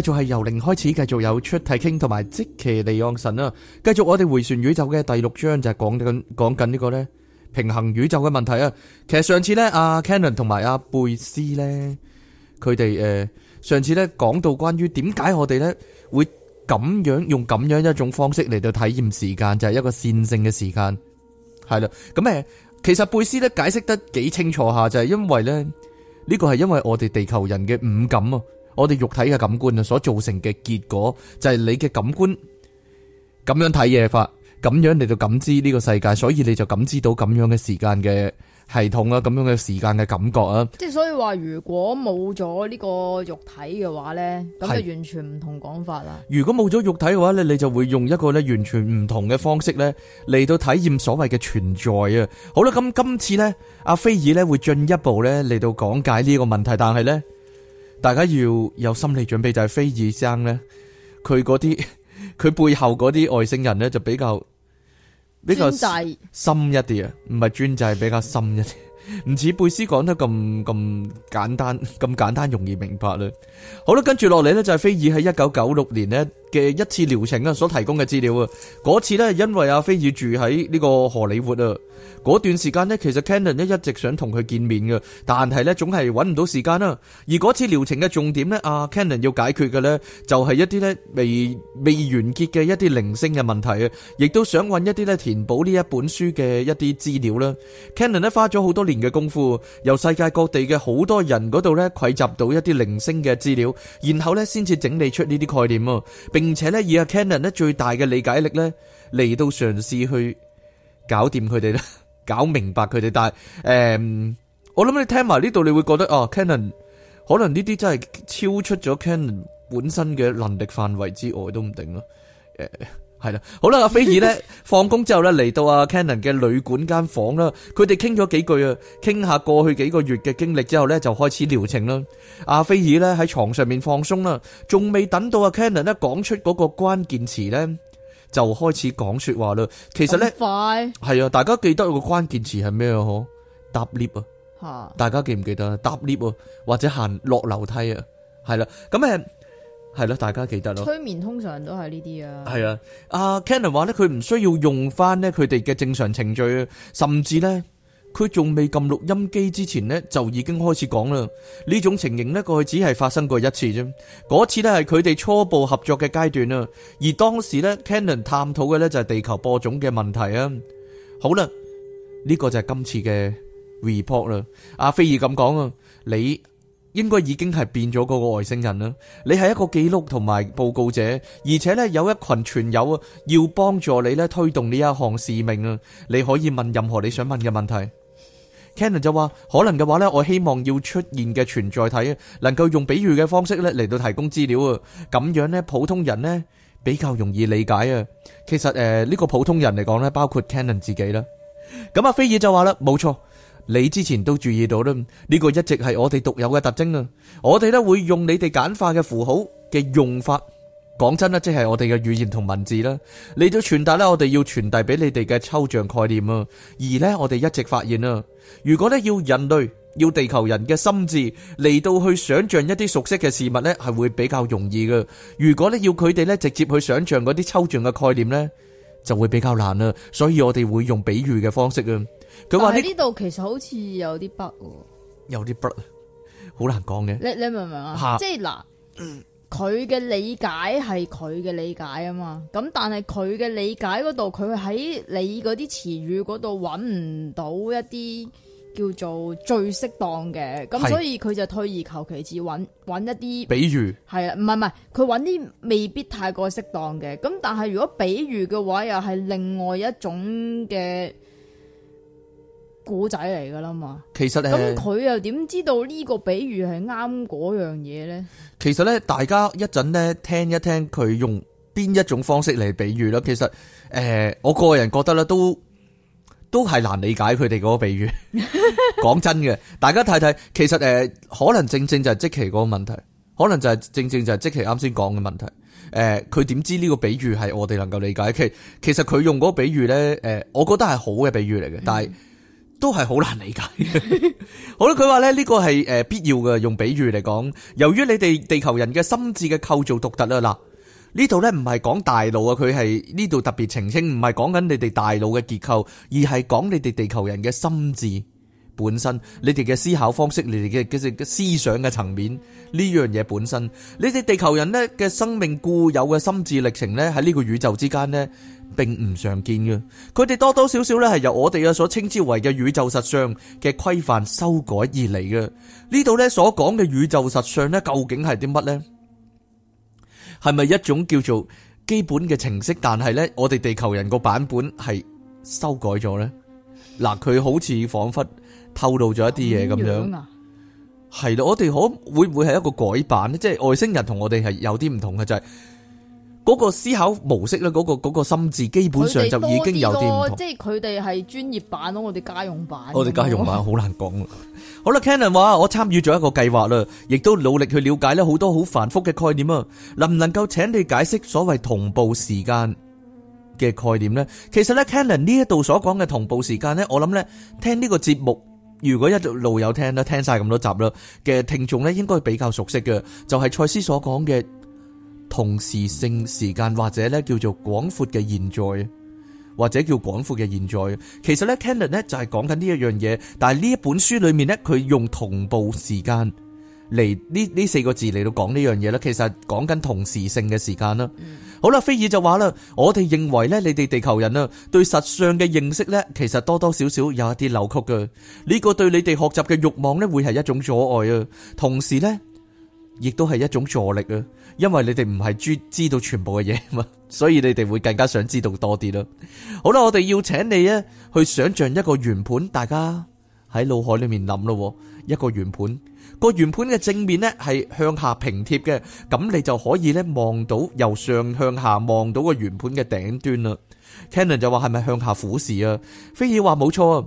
Speaker 2: 繼續係由零開始，繼續有出題傾同埋即其利用神啊！繼續我哋回旋宇宙嘅第六章就係講緊講緊呢個咧平衡宇宙嘅問題啊！其實上次咧阿 Cannon 同埋阿貝斯咧，佢哋誒上次咧講到關於點解我哋咧會咁樣用咁樣一種方式嚟到體驗時間，就係一個線性嘅時間係啦。咁誒，其實貝斯咧解釋得幾清楚下，就係因為咧呢個係因為我哋地球人嘅五感啊。我哋肉體嘅感官啊，所造成嘅結果就係你嘅感官咁樣睇嘢法，咁樣嚟到感知呢個世界，所以你就感知到咁樣嘅時間嘅系統啊，咁樣嘅時間嘅感覺啊。
Speaker 1: 即係所以話，如果冇咗呢個肉體嘅話呢，咁就完全唔同講法啦。
Speaker 2: 如果冇咗肉體嘅話呢，你就會用一個呢完全唔同嘅方式呢嚟到體驗所謂嘅存在啊。好啦，咁今次呢阿菲爾呢會進一步呢嚟到講解呢個問題，但係呢。大家要有心理準備，就係菲爾先生咧，佢嗰啲佢背後嗰啲外星人咧，就比較比較深一啲啊，唔係專制，比較深一啲，唔似貝斯講得咁咁簡單，咁簡單容易明白啦。好啦，跟住落嚟咧，就係菲爾喺一九九六年咧。嘅一次療程啊，所提供嘅資料啊，嗰次呢，因為阿菲爾住喺呢個荷里活啊，嗰段時間呢，其實 Cannon 呢一直想同佢見面嘅，但係呢，總係揾唔到時間啦。而嗰次療程嘅重點呢，阿 Cannon 要解決嘅呢，就係一啲呢未未完結嘅一啲零星嘅問題啊，亦都想揾一啲呢，填補呢一本書嘅一啲資料啦。Cannon 呢花咗好多年嘅功夫，由世界各地嘅好多人嗰度呢，匯集到一啲零星嘅資料，然後呢，先至整理出呢啲概念啊。並且咧，以阿 Canon 咧最大嘅理解力咧，嚟到嘗試去搞掂佢哋咧，搞明白佢哋。但係誒、嗯，我諗你聽埋呢度，你會覺得啊、哦，Canon 可能呢啲真係超出咗 Canon 本身嘅能力範圍之外都唔定咯。嗯係啦，好啦，阿菲爾呢，放工之後呢，嚟到阿 Cannon 嘅旅館間房啦，佢哋傾咗幾句啊，傾下過去幾個月嘅經歷之後呢，就開始療程啦。阿菲爾呢喺床上面放鬆啦，仲未等到阿 Cannon 呢講出嗰個關鍵詞呢，就開始講說話啦。其實呢，快係啊，大家記得個關鍵詞係咩啊？嗬，搭 lift 啊，吓，大家記唔記得？搭 lift 啊，或者行落樓梯啊，係啦，咁、嗯、誒。係咯，大家記得咯。催
Speaker 1: 眠通常都係呢啲啊。
Speaker 2: 係啊，阿 Cannon 話咧，佢唔需要用翻咧佢哋嘅正常程序，甚至咧佢仲未撳錄音機之前咧，就已經開始講啦。呢種情形咧，過去只係發生過一次啫。嗰次咧係佢哋初步合作嘅階段啊，而當時咧 Cannon 探討嘅咧就係地球播種嘅問題啊。好啦，呢個就係今次嘅 report 啦。阿菲爾咁講啊，你。應該已經係變咗嗰個外星人啦！你係一個記錄同埋報告者，而且咧有一群船友啊，要幫助你咧推動呢一行使命啊！你可以問任何你想問嘅問題。Cannon 就話：可能嘅話咧，我希望要出現嘅存在體啊，能夠用比喻嘅方式咧嚟到提供資料啊，咁樣呢，普通人呢比較容易理解啊。其實誒呢、呃這個，普通人嚟講咧，包括 Cannon 自己啦。咁、啊、阿菲爾就話啦：冇錯。你之前都注意到啦，呢個一直係我哋獨有嘅特徵啊！我哋咧會用你哋簡化嘅符號嘅用法，講真啦，即係我哋嘅語言同文字啦。你都傳達咧，我哋要傳遞俾你哋嘅抽象概念啊！而呢，我哋一直發現啊，如果呢要人類、要地球人嘅心智嚟到去想象一啲熟悉嘅事物呢，係會比較容易嘅；如果呢要佢哋呢直接去想象嗰啲抽象嘅概念呢，就會比較難啦。所以我哋會用比喻嘅方式啊。佢話喺
Speaker 1: 呢度其實好似有啲不，
Speaker 2: 有啲不，好難講嘅。你你明唔明啊？下即係嗱，
Speaker 1: 佢嘅、嗯、理解係佢嘅理解啊嘛。咁但係佢嘅理解嗰度，佢喺你嗰啲詞語嗰度揾唔到一啲叫做最適當嘅。咁是所以佢就退而求其次，揾一啲比喻。係啊，唔係唔係，佢揾啲未必太過適當嘅。咁但係如果比喻嘅話，又係另外一種嘅。古仔嚟噶啦嘛，
Speaker 2: 其實咁佢、呃、
Speaker 1: 又點知道呢個比喻係啱嗰樣嘢咧？
Speaker 2: 其實咧，大家一陣咧聽一聽佢用邊一種方式嚟比喻啦。其實，誒、呃，我個人覺得咧，都都係難理解佢哋嗰個比喻。講 *laughs* 真嘅，大家睇睇，其實誒、呃，可能正正就係積奇嗰個問題，可能就係正正就係積奇啱先講嘅問題。誒、呃，佢點知呢個比喻係我哋能夠理解？其實其實佢用嗰個比喻咧，誒、呃，我覺得係好嘅比喻嚟嘅，但係。嗯都係好難理解 *laughs* 好。好啦，佢話咧呢個係誒必要嘅，用比喻嚟講。由於你哋地球人嘅心智嘅構造獨特啦，嗱呢度呢唔係講大腦啊，佢係呢度特別澄清，唔係講緊你哋大腦嘅結構，而係講你哋地球人嘅心智本身，你哋嘅思考方式，你哋嘅嘅思想嘅層面呢樣嘢本身，你哋地球人呢嘅生命固有嘅心智歷程呢，喺呢個宇宙之間呢，並唔常見嘅，佢哋多多少少咧係由我哋嘅所稱之為嘅宇宙實相嘅規範修改而嚟嘅。呢度咧所講嘅宇宙實相咧，究竟係啲乜呢？係咪一種叫做基本嘅程式？但係呢，我哋地球人個版本係修改咗呢。嗱，佢好似仿佛透露咗一啲嘢咁樣，啊。係咯，我哋可會唔會係一個改版咧？即係外星人我同我哋係有啲唔同嘅，就係、是。嗰個思考模式咧，嗰個嗰個心智基本上就已經有啲唔同。即
Speaker 1: 係佢哋係專業版咯，我哋家用版。我哋家用版好
Speaker 2: 難講啦。好啦，Cannon 話：我參與咗一個計劃啦，亦都努力去了解咧好多好繁複嘅概念啊。能唔能夠請你解釋所謂同步時間嘅概念咧？其實咧，Cannon 呢一度所講嘅同步時間咧，我諗咧聽呢個節目，如果一路有聽咧，聽曬咁多集咧嘅聽眾咧，應該比較熟悉嘅，就係賽斯所講嘅。同時性時間或者咧叫做廣闊嘅現在，或者叫廣闊嘅現在，其實咧 Cannon 咧就係講緊呢一樣嘢。但係呢一本書裏面咧，佢用同步時間嚟，呢呢四個字嚟到講呢樣嘢啦，其實講緊同時性嘅時間啦。嗯、好啦，菲爾就話啦，我哋認為咧，你哋地球人啊，對實相嘅認識咧，其實多多少少有一啲扭曲嘅。呢、這個對你哋學習嘅慾望咧，會係一種阻礙啊，同時咧，亦都係一種助力啊。因為你哋唔係知知道全部嘅嘢嘛，所以你哋會更加想知道多啲咯。好啦，我哋要請你咧去想象一個圓盤，大家喺腦海裏面諗咯，一個圓盤，個圓盤嘅正面呢係向下平貼嘅，咁你就可以呢望到由上向下望到個圓盤嘅頂端啦。Cannon 就話係咪向下俯視啊？菲爾話冇錯啊。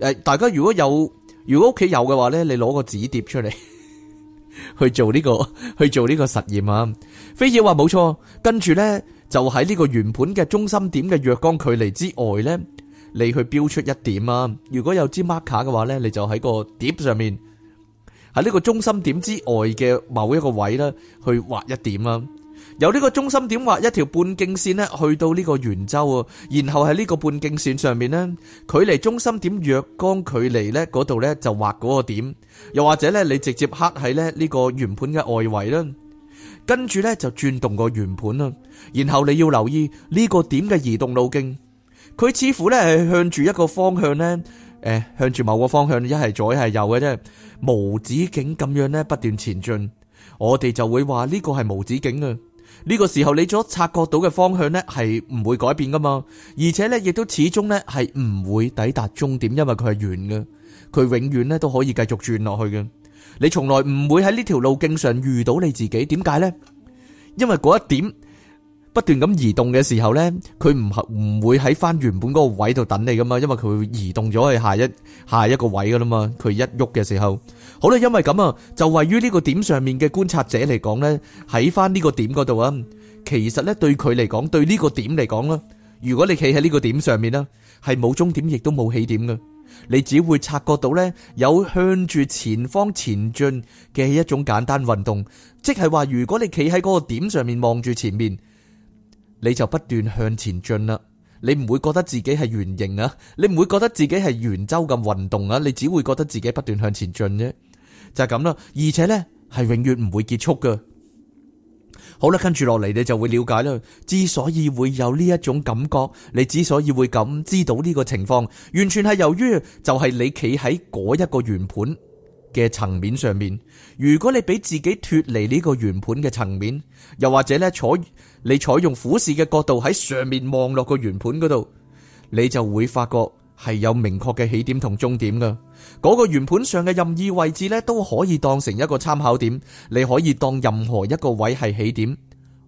Speaker 2: 誒，大家如果有如果屋企有嘅話呢，你攞個紙碟出嚟。去做呢、這個去做呢個實驗啊！菲爾話冇錯，跟住咧就喺呢個原本嘅中心點嘅若干距離之外咧，你去標出一點啊！如果有支 marker 嘅話咧，你就喺個碟上面喺呢個中心點之外嘅某一個位啦，去畫一點啊！由呢個中心點畫一條半徑線咧，去到呢個圓周啊，然後喺呢個半徑線上面咧，距離中心點若干距離咧，嗰度咧就畫嗰個點。又或者咧，你直接刻喺咧呢個圓盤嘅外圍啦，跟住呢就轉動個圓盤啦。然後你要留意呢個點嘅移動路徑，佢似乎呢係向住一個方向呢誒、呃，向住某個方向，一係左一係右嘅啫，無止境咁樣呢不斷前進，我哋就會話呢個係無止境啊。呢個時候你所察覺到嘅方向呢係唔會改變噶嘛，而且呢亦都始終呢係唔會抵達終點，因為佢係圓嘅，佢永遠呢都可以繼續轉落去嘅。你從來唔會喺呢條路徑上遇到你自己，點解呢？因為嗰一點。不斷咁移動嘅時候咧，佢唔係唔會喺翻原本嗰個位度等你噶嘛？因為佢會移動咗去下一下一個位噶啦嘛。佢一喐嘅時候，好啦，因為咁啊，就位於呢個點上面嘅觀察者嚟講咧，喺翻呢個點嗰度啊。其實咧，對佢嚟講，對呢個點嚟講啦，如果你企喺呢個點上面啦，係冇終點，亦都冇起點噶。你只會察覺到咧，有向住前方前進嘅一種簡單運動，即係話如果你企喺嗰個點上面望住前面。你就不斷向前進啦，你唔會覺得自己係圓形啊，你唔會覺得自己係圓周咁運動啊，你只會覺得自己不斷向前進啫，就係咁啦。而且呢，係永遠唔會結束噶。好啦，跟住落嚟你就會了解啦。之所以會有呢一種感覺，你之所以會咁知道呢個情況，完全係由於就係你企喺嗰一個圓盤嘅層面上面。如果你俾自己脫離呢個圓盤嘅層面，又或者呢坐。你採用俯視嘅角度喺上面望落個圓盤嗰度，你就會發覺係有明確嘅起點同終點㗎。嗰個圓盤上嘅任意位置呢，都可以當成一個參考點。你可以當任何一個位係起點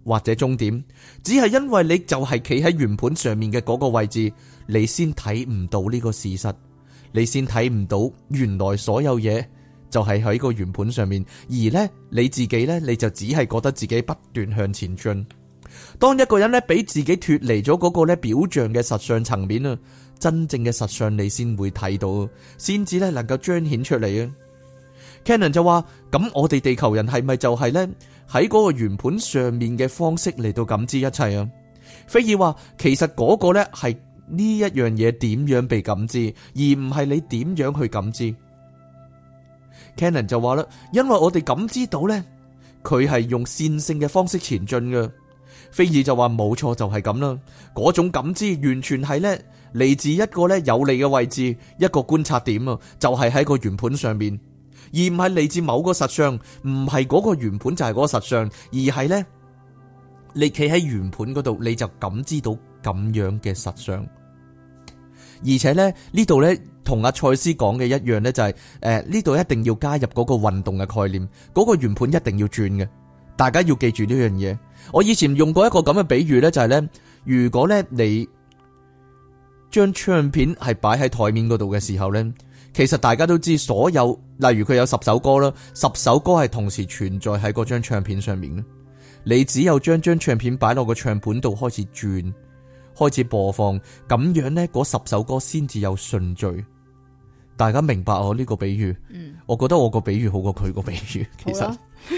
Speaker 2: 或者終點，只係因為你就係企喺圓盤上面嘅嗰個位置，你先睇唔到呢個事實，你先睇唔到原來所有嘢就係喺個圓盤上面，而呢，你自己呢，你就只係覺得自己不斷向前進。當一個人咧俾自己脱離咗嗰個咧表象嘅實相層面啊，真正嘅實相你先會睇到，先至咧能夠彰顯出嚟啊。Cannon 就話：咁我哋地球人係咪就係呢？喺嗰個圓盤上面嘅方式嚟到感知一切啊？菲爾話：其實嗰個呢係呢一樣嘢點樣被感知，而唔係你點樣去感知。Cannon 就話啦，因為我哋感知到呢，佢係用線性嘅方式前進嘅。菲爾就話冇錯，就係咁啦。嗰種感知完全係呢，嚟自一個呢有利嘅位置，一個觀察點啊，就係喺個圓盤上面，而唔係嚟自某個實相，唔係嗰個圓盤就係嗰個實相，而係呢，你企喺圓盤嗰度，你就感知到咁樣嘅實相。而且呢，呢度呢，同阿賽斯講嘅一樣呢，就係誒呢度一定要加入嗰個運動嘅概念，嗰、嗰個圓盤一定要轉嘅，大家要記住呢樣嘢。我以前用過一個咁嘅比喻呢，就係呢：如果呢，你將唱片係擺喺台面嗰度嘅時候呢，其實大家都知，所有例如佢有十首歌啦，十首歌係同時存在喺嗰張唱片上面。你只有將張唱片擺落個唱盤度開始轉，開始播放，咁樣呢，嗰十首歌先至有順序。大家明白我呢個比喻？嗯，我覺得我個比喻好過佢個比喻，其實。好啊 *laughs*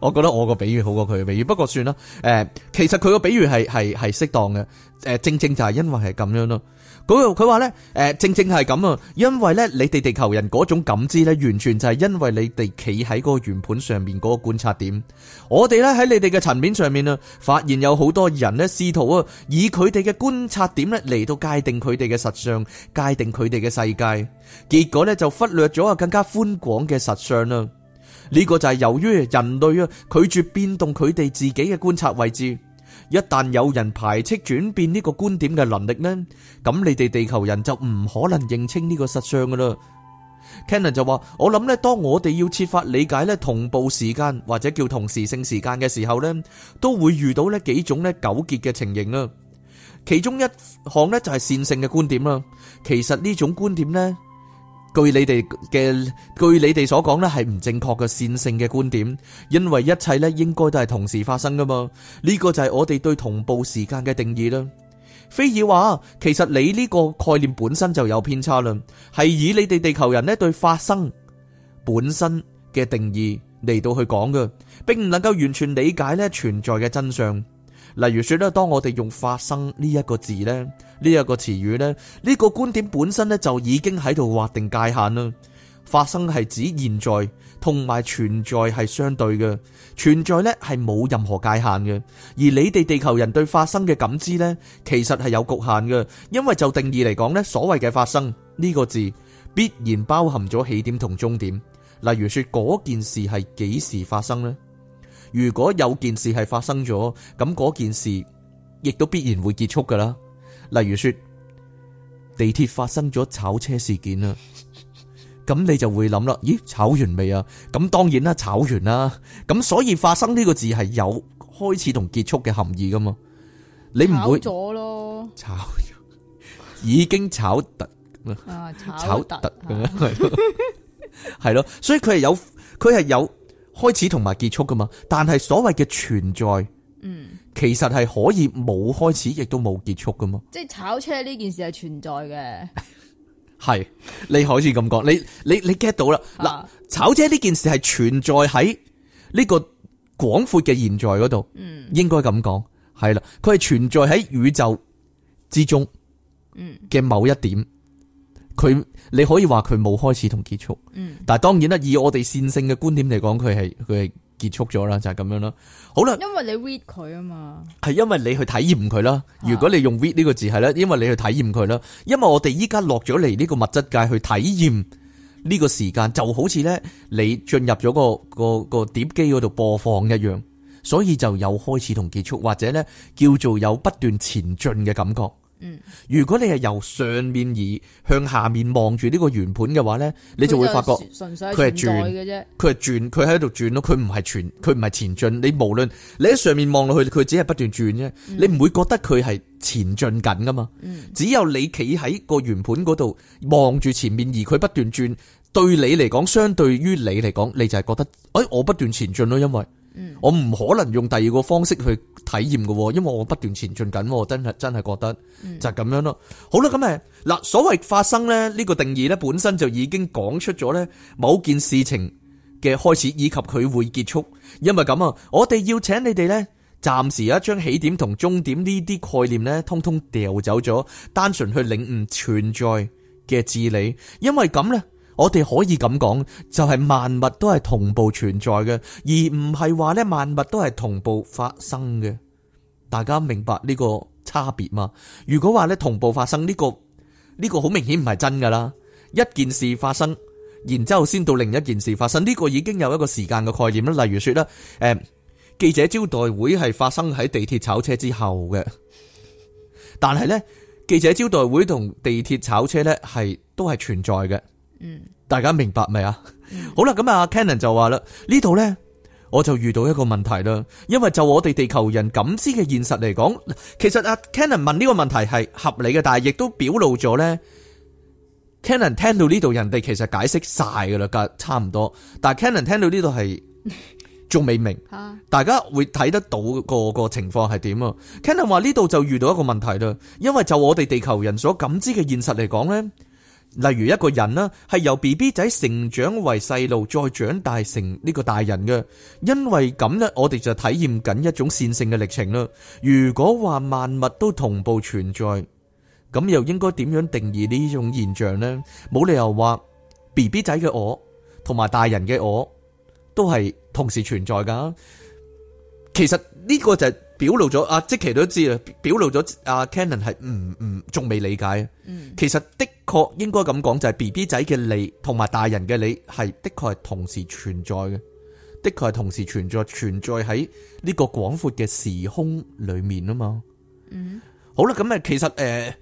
Speaker 2: 我覺得我個比喻好過佢嘅比喻，不過算啦。誒，其實佢個比喻係係係適當嘅。誒，正正就係因為係咁樣咯。佢話呢，誒，正正係咁啊，因為呢，你哋地球人嗰種感知呢，完全就係因為你哋企喺嗰個圓盤上面嗰個觀察點。我哋呢，喺你哋嘅層面上面啊，發現有好多人呢，試圖啊以佢哋嘅觀察點呢嚟到界定佢哋嘅實相，界定佢哋嘅世界，結果呢，就忽略咗啊更加寬廣嘅實相啦。呢個就係由於人類啊拒絕變動佢哋自己嘅觀察位置，一旦有人排斥轉變呢個觀點嘅能力呢，咁你哋地球人就唔可能認清呢個實相噶啦。Cannon 就話：我諗呢，當我哋要設法理解呢同步時間或者叫同時性時間嘅時候呢，都會遇到呢幾種呢糾結嘅情形啊。其中一項呢，就係線性嘅觀點啦。其實呢種觀點呢。據你哋嘅，據你哋所講咧，係唔正確嘅線性嘅觀點，因為一切咧應該都係同時發生噶嘛，呢個就係我哋對同步時間嘅定義啦。菲爾話，其實你呢個概念本身就有偏差啦，係以你哋地球人咧對發生本身嘅定義嚟到去講噶，並唔能夠完全理解呢存在嘅真相。例如說咧，當我哋用發生呢一個字呢，呢、這、一個詞語咧，呢、這個觀點本身呢，就已經喺度劃定界限啦。發生係指現在同埋存在係相對嘅，存在呢，係冇任何界限嘅。而你哋地球人對發生嘅感知呢，其實係有局限嘅，因為就定義嚟講呢，所謂嘅發生呢、這個字必然包含咗起點同終點。例如說，嗰件事係幾時發生呢？如果有件事係發生咗，咁嗰件事亦都必然會結束噶啦。例如說，地鐵發生咗炒車事件啦，咁你就會諗啦，咦，炒完未啊？咁當然啦，炒完啦。咁所以發生呢個字係有開始同結束嘅含義噶嘛？你唔會
Speaker 1: 炒咗咯？
Speaker 2: 炒已經炒突啊！炒突嘅咩？係咯，所以佢係有，佢係有。開始同埋結束噶嘛？但係所謂嘅存在，嗯，其實係可以冇開始，亦都冇結束噶嘛？
Speaker 1: 即係炒車呢件事係存在嘅，
Speaker 2: 係 *laughs* 你可以咁講，你你你 get 到啦嗱，啊、炒車呢件事係存在喺呢個廣闊嘅現在嗰度，嗯，應該咁講係啦，佢係存在喺宇宙之中，嗯嘅某一點。佢你可以話佢冇開始同結束，嗯、但係當然啦，以我哋線性嘅觀點嚟講，佢係佢係結束咗啦，就係、是、咁樣啦。好啦，
Speaker 1: 因為你 read 佢啊嘛，
Speaker 2: 係因為你去體驗佢啦。如果你用 read 呢個字係咧，因為你去體驗佢啦。因為我哋依家落咗嚟呢個物質界去體驗呢個時間，就好似咧你進入咗個個個碟機嗰度播放一樣，所以就有開始同結束，或者咧叫做有不斷前進嘅感覺。嗯，如果你係由上面移，向下面望住呢個圓盤嘅話呢，你就會發覺佢係轉，佢係轉，佢喺度轉咯，佢唔係前進，佢唔係前進。你無論你喺上面望落去，佢只係不斷轉啫，嗯、你唔會覺得佢係前進緊噶嘛？只有你企喺個圓盤嗰度望住前面，移，佢不斷轉，對你嚟講，相對於你嚟講，你就係覺得，哎，我不斷前進咯，因為。我唔可能用第二個方式去體驗嘅，因為我不斷前進緊，我真係真係覺得就係咁樣咯。嗯、好啦，咁咪嗱，所謂發生呢，呢個定義呢，本身就已經講出咗呢某件事情嘅開始以及佢會結束。因為咁啊，我哋要請你哋呢，暫時啊將起點同終點呢啲概念呢，通通掉走咗，單純去領悟存在嘅治理。因為咁呢。我哋可以咁講，就係、是、萬物都係同步存在嘅，而唔係話呢萬物都係同步發生嘅。大家明白呢個差別嘛？如果話呢同步發生呢、這個呢、這個好明顯唔係真噶啦，一件事發生，然之後先到另一件事發生，呢、這個已經有一個時間嘅概念啦。例如說咧，誒、嗯、記者招待會係發生喺地鐵炒車之後嘅，但係呢記者招待會同地鐵炒車呢係都係存在嘅。嗯，大家明白未啊？嗯、好啦，咁啊，Cannon 就話啦，呢度呢，我就遇到一個問題啦。因為就我哋地球人感知嘅現實嚟講，其實阿 Cannon 問呢個問題係合理嘅，但係亦都表露咗呢。嗯、Cannon 聽到呢度，人哋其實解釋晒噶啦，噶差唔多。但係 Cannon 聽到呢度係仲未明， *laughs* 大家會睇得到個個情況係點啊？Cannon 話呢度就遇到一個問題啦，因為就我哋地球人所感知嘅現實嚟講呢。例如一個人呢係由 B B 仔成長為細路，再長大成呢個大人嘅，因為咁呢，我哋就體驗緊一種綫性嘅歷程啦。如果話萬物都同步存在，咁又應該點樣定義呢種現象呢？冇理由話 B B 仔嘅我同埋大人嘅我都係同時存在㗎。其實呢個就係。表露咗啊，即其都知啊，表露咗阿 Canon 係唔唔仲未理解。嗯，其實的確應該咁講，就係、是、B B 仔嘅你同埋大人嘅你，係的確係同時存在嘅，的確係同時存在，存在喺呢個廣闊嘅時空裏面啊嘛。嗯，好啦，咁啊，其實誒、呃，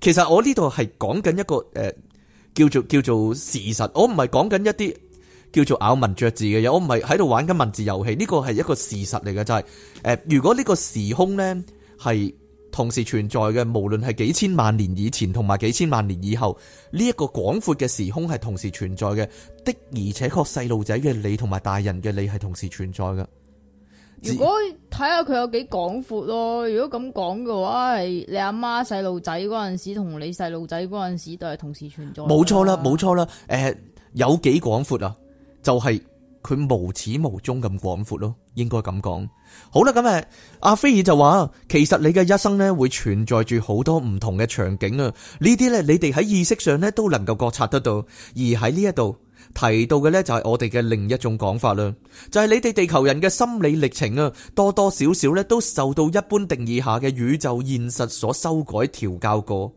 Speaker 2: 其實我呢度係講緊一個誒、呃，叫做叫做事實，我唔係講緊一啲。叫做咬文嚼字嘅嘢，我唔係喺度玩緊文字遊戲，呢個係一個事實嚟嘅，就係、是、誒、呃，如果呢個時空呢係同時存在嘅，無論係幾千萬年以前同埋幾千萬年以後，呢、這、一個廣闊嘅時空係同時存在嘅的的而且確細路仔嘅你同埋大人嘅你係同時存在嘅。如
Speaker 1: 果睇下佢有幾廣闊咯，如果咁講嘅話，係你阿媽細路仔嗰陣時同你細路仔嗰陣時都係同時存在。冇錯啦，
Speaker 2: 冇錯啦，誒、呃，有幾廣闊啊！就係佢無始無終咁廣闊咯，應該咁講。好啦，咁誒，阿菲爾就話，其實你嘅一生呢會存在住好多唔同嘅場景啊。呢啲呢，你哋喺意識上呢都能夠覺察得到。而喺呢一度提到嘅呢，就係我哋嘅另一種講法啦，就係你哋地球人嘅心理歷程啊，多多少少呢都受到一般定義下嘅宇宙現實所修改調教過。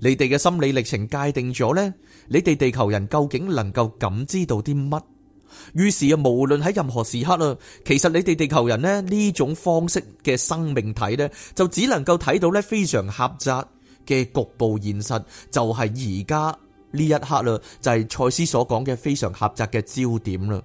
Speaker 2: 你哋嘅心理歷程界定咗呢，你哋地球人究竟能夠感知到啲乜？於是啊，無論喺任何時刻啊，其實你哋地球人呢，呢種方式嘅生命體呢，就只能夠睇到咧非常狹窄嘅局部現實，就係而家呢一刻啦，就係、是、賽斯所講嘅非常狹窄嘅焦點啦。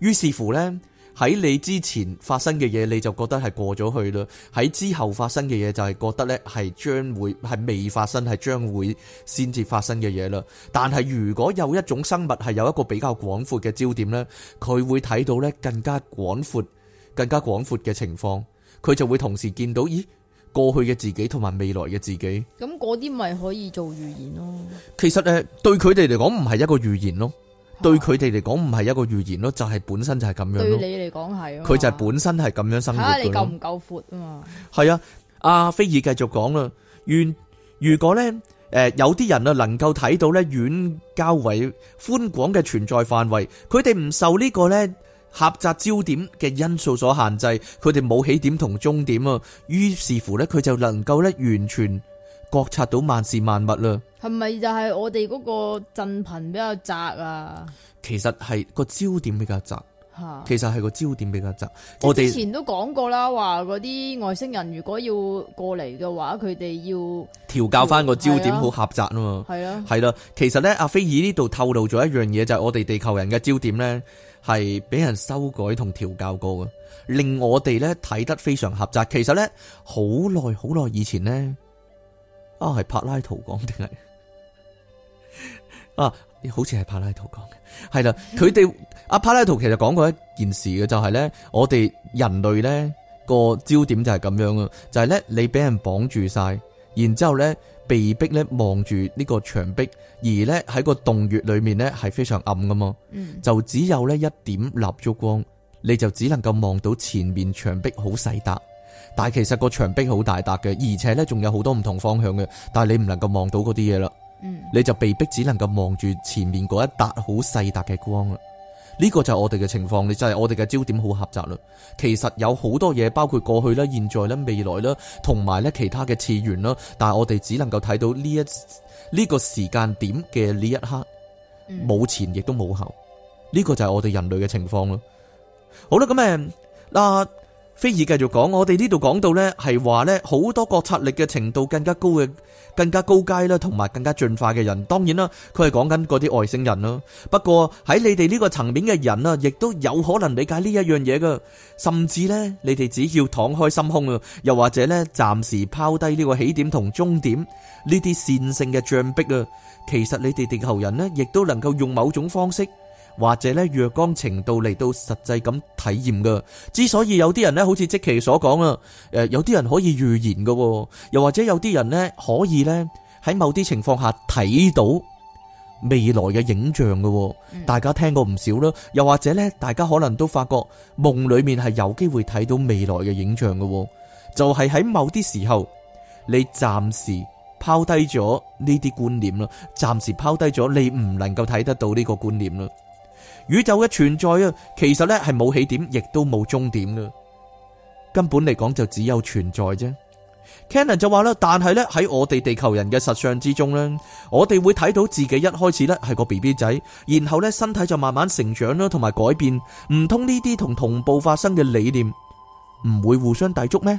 Speaker 2: 於是乎呢。喺你之前發生嘅嘢，你就覺得係過咗去啦。喺之後發生嘅嘢，就係覺得咧係將會係未發生，係將會先至發生嘅嘢啦。但係如果有一種生物係有一個比較廣闊嘅焦點呢，佢會睇到呢更加廣闊、更加廣闊嘅情況，佢就會同時見到，咦，過去嘅自己同埋未來嘅自己。
Speaker 1: 咁嗰啲咪可以做預言咯？
Speaker 2: 其實咧，對佢哋嚟講唔係一個預言咯。對佢哋嚟講唔係一個預言咯，就係、是、本身就係咁樣咯。對你嚟
Speaker 1: 講係，佢就
Speaker 2: 係本身係咁樣生活咯。睇下你夠唔
Speaker 1: 夠闊啊嘛？
Speaker 2: 係啊，阿菲爾繼續講啦。原如果呢，誒、呃、有啲人啊能夠睇到呢遠較為寬廣嘅存在範圍，佢哋唔受呢個呢狹窄焦點嘅因素所限制，佢哋冇起點同終點啊。於是乎呢，佢就能夠呢完全。覺察到萬事萬物啦，
Speaker 1: 係咪就係我哋嗰個振頻比較窄啊？
Speaker 2: 其實係個焦點比較窄，吓的，其實係個焦點比較窄。我哋之前
Speaker 1: 都講過啦，話嗰啲外星人如果要過嚟嘅話，佢哋要
Speaker 2: 調教翻個焦點好狹窄啊。嘛的。係啊，係啦。其實咧，阿菲爾呢度透露咗一樣嘢，就係、是、我哋地球人嘅焦點咧，係俾人修改同調教過嘅，令我哋咧睇得非常狹窄。其實咧，好耐好耐以前咧。啊，係柏拉圖講定係，啊，好似係柏拉圖講嘅，係啦，佢哋阿柏拉圖其實講過一件事嘅，就係咧，我哋人類咧個焦點就係咁樣咯，就係咧你俾人綁住晒，然之後咧被逼咧望住呢個牆壁，而咧喺個洞穴裏面咧係非常暗噶嘛，就只有呢一點蠟燭光，你就只能夠望到前面牆壁好細達。但係其實個牆壁好大笪嘅，而且呢仲有好多唔同方向嘅，但係你唔能夠望到嗰啲嘢啦，嗯、你就被逼只能夠望住前面嗰一笪好細笪嘅光啦。呢個就係我哋嘅情況，你就係我哋嘅焦點好狹窄啦。其實有好多嘢，包括過去啦、現在啦、未來啦，同埋咧其他嘅次元啦，但係我哋只能夠睇到呢一呢個時間點嘅呢一刻，冇、嗯、前亦都冇後。呢個就係我哋人類嘅情況咯。嗯、好啦，咁誒嗱。菲爾繼續講，我哋呢度講到呢，係話呢好多覺察力嘅程度更加高嘅、更加高階啦，同埋更加進化嘅人。當然啦，佢係講緊嗰啲外星人咯。不過喺你哋呢個層面嘅人啊，亦都有可能理解呢一樣嘢㗎。甚至呢，你哋只要敞開心胸啊，又或者呢，暫時拋低呢個起點同終點呢啲線性嘅障壁啊，其實你哋地球人呢，亦都能夠用某種方式。或者咧，若干程度嚟到實際咁體驗噶。之所以有啲人咧，好似即其所講啊，誒有啲人可以預言噶，又或者有啲人呢，可以呢，喺某啲情況下睇到未來嘅影像噶，大家聽過唔少啦，又或者呢，大家可能都發覺夢裏面係有機會睇到未來嘅影像噶，就係喺某啲時候你暫時拋低咗呢啲觀念啦，暫時拋低咗你唔能夠睇得到呢個觀念啦。宇宙嘅存在啊，其實呢係冇起點，亦都冇終點嘅。根本嚟講就只有存在啫。Cannon 就話啦，但係呢，喺我哋地球人嘅實相之中咧，我哋會睇到自己一開始呢係個 BB 仔，然後呢身體就慢慢成長啦，同埋改變。唔通呢啲同同步發生嘅理念唔會互相抵觸咩？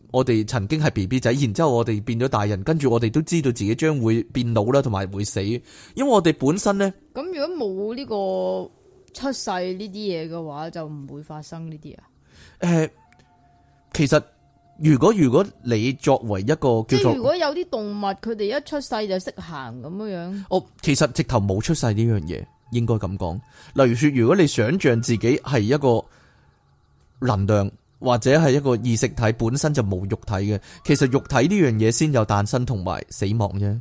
Speaker 2: 我哋曾經係 BB 仔，然之後我哋變咗大人，跟住我哋都知道自己將會變老啦，同埋會死，因為我哋本身呢。
Speaker 1: 咁如果冇呢個出世呢啲嘢嘅話，就唔會發生呢啲啊？
Speaker 2: 誒、呃，其實如果如果你作為一個叫做，即如果
Speaker 1: 有啲動物，佢哋一出世就識行咁樣樣。
Speaker 2: 哦，其實直頭冇出世呢樣嘢，應該咁講。例如說，如果你想象自己係一個能量。或者係一個意識體本身就冇肉體嘅，其實肉體呢樣嘢先有誕生同埋死亡啫。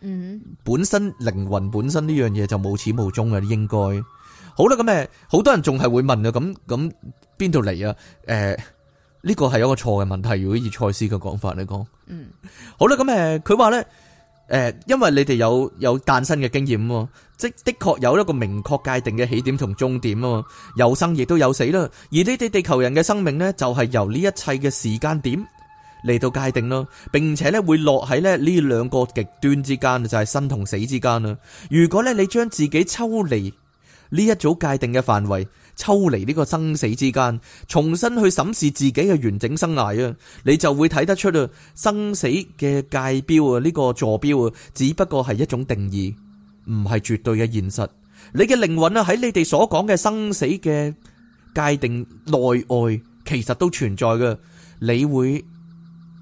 Speaker 2: 嗯、
Speaker 1: mm，hmm.
Speaker 2: 本身靈魂本身呢樣嘢就冇始無終嘅，應該。好啦，咁誒，好多人仲係會問啊，咁咁邊度嚟啊？誒，呢個係一個錯嘅問題，如果以賽斯嘅講法嚟講。嗯、mm，hmm. 好啦，咁誒，佢話咧。誒，因為你哋有有誕生嘅經驗，即係的確有一個明確界定嘅起點同終點啊，有生亦都有死啦。而呢啲地球人嘅生命呢，就係由呢一切嘅時間點嚟到界定咯，並且咧會落喺咧呢兩個極端之間，就係生同死之間啦。如果呢，你將自己抽離呢一組界定嘅範圍。抽離呢個生死之間，重新去審視自己嘅完整生涯啊，你就會睇得出啊，生死嘅界標啊、呢個坐標啊，只不過係一種定義，唔係絕對嘅現實。你嘅靈魂啊喺你哋所講嘅生死嘅界定內外，其實都存在嘅。你會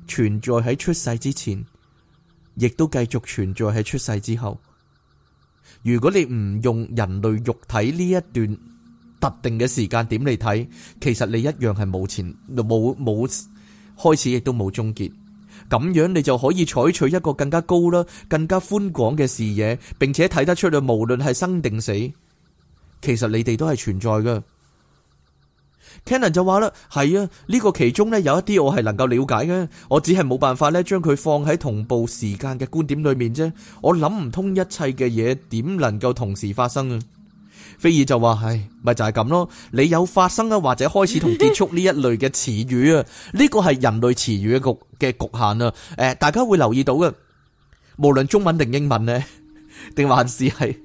Speaker 2: 存在喺出世之前，亦都繼續存在喺出世之後。如果你唔用人類肉體呢一段，特定嘅時間點嚟睇，其實你一樣係冇前、冇冇開始，亦都冇終結。咁樣你就可以採取一個更加高啦、更加寬廣嘅視野，並且睇得出咧，無論係生定死，其實你哋都係存在嘅。Cannon 就話啦：係啊，呢個其中咧有一啲我係能夠了解嘅，我只係冇辦法咧將佢放喺同步時間嘅觀點裏面啫。我諗唔通一切嘅嘢點能夠同時發生啊！菲爾就話：唉，咪就係咁咯。你有發生啊，或者開始同結束呢一類嘅詞語啊，呢個係人類詞語嘅局嘅局限啊。誒,大家會留意到嘅，無論中文定英文呢，定還是係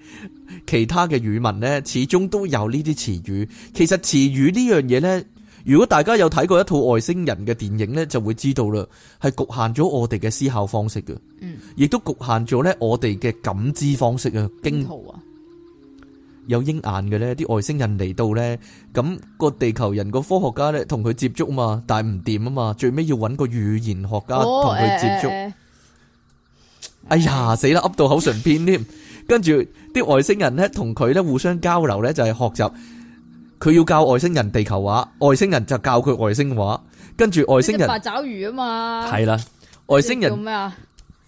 Speaker 2: 其他嘅語文呢，始終都有呢啲詞語。其實詞語呢樣嘢呢，如果大家有睇過一套外星人嘅電影呢，就會知道啦，係局限咗我哋嘅思考方式嘅，嗯，亦都局限咗呢我哋嘅感知方式啊，驚有鷹眼嘅咧，啲外星人嚟到咧，咁個地球人個科學家咧同佢接觸啊嘛，但係唔掂啊嘛，最尾要搵個語言學家同佢接觸。哎呀，死啦，噏到口唇邊添，跟住啲外星人咧同佢咧互相交流咧就係學習，佢要教外星人地球話，外星人就教佢外星話，跟住外星人八
Speaker 1: 爪魚啊嘛，係啦，
Speaker 2: 外星人叫咩啊？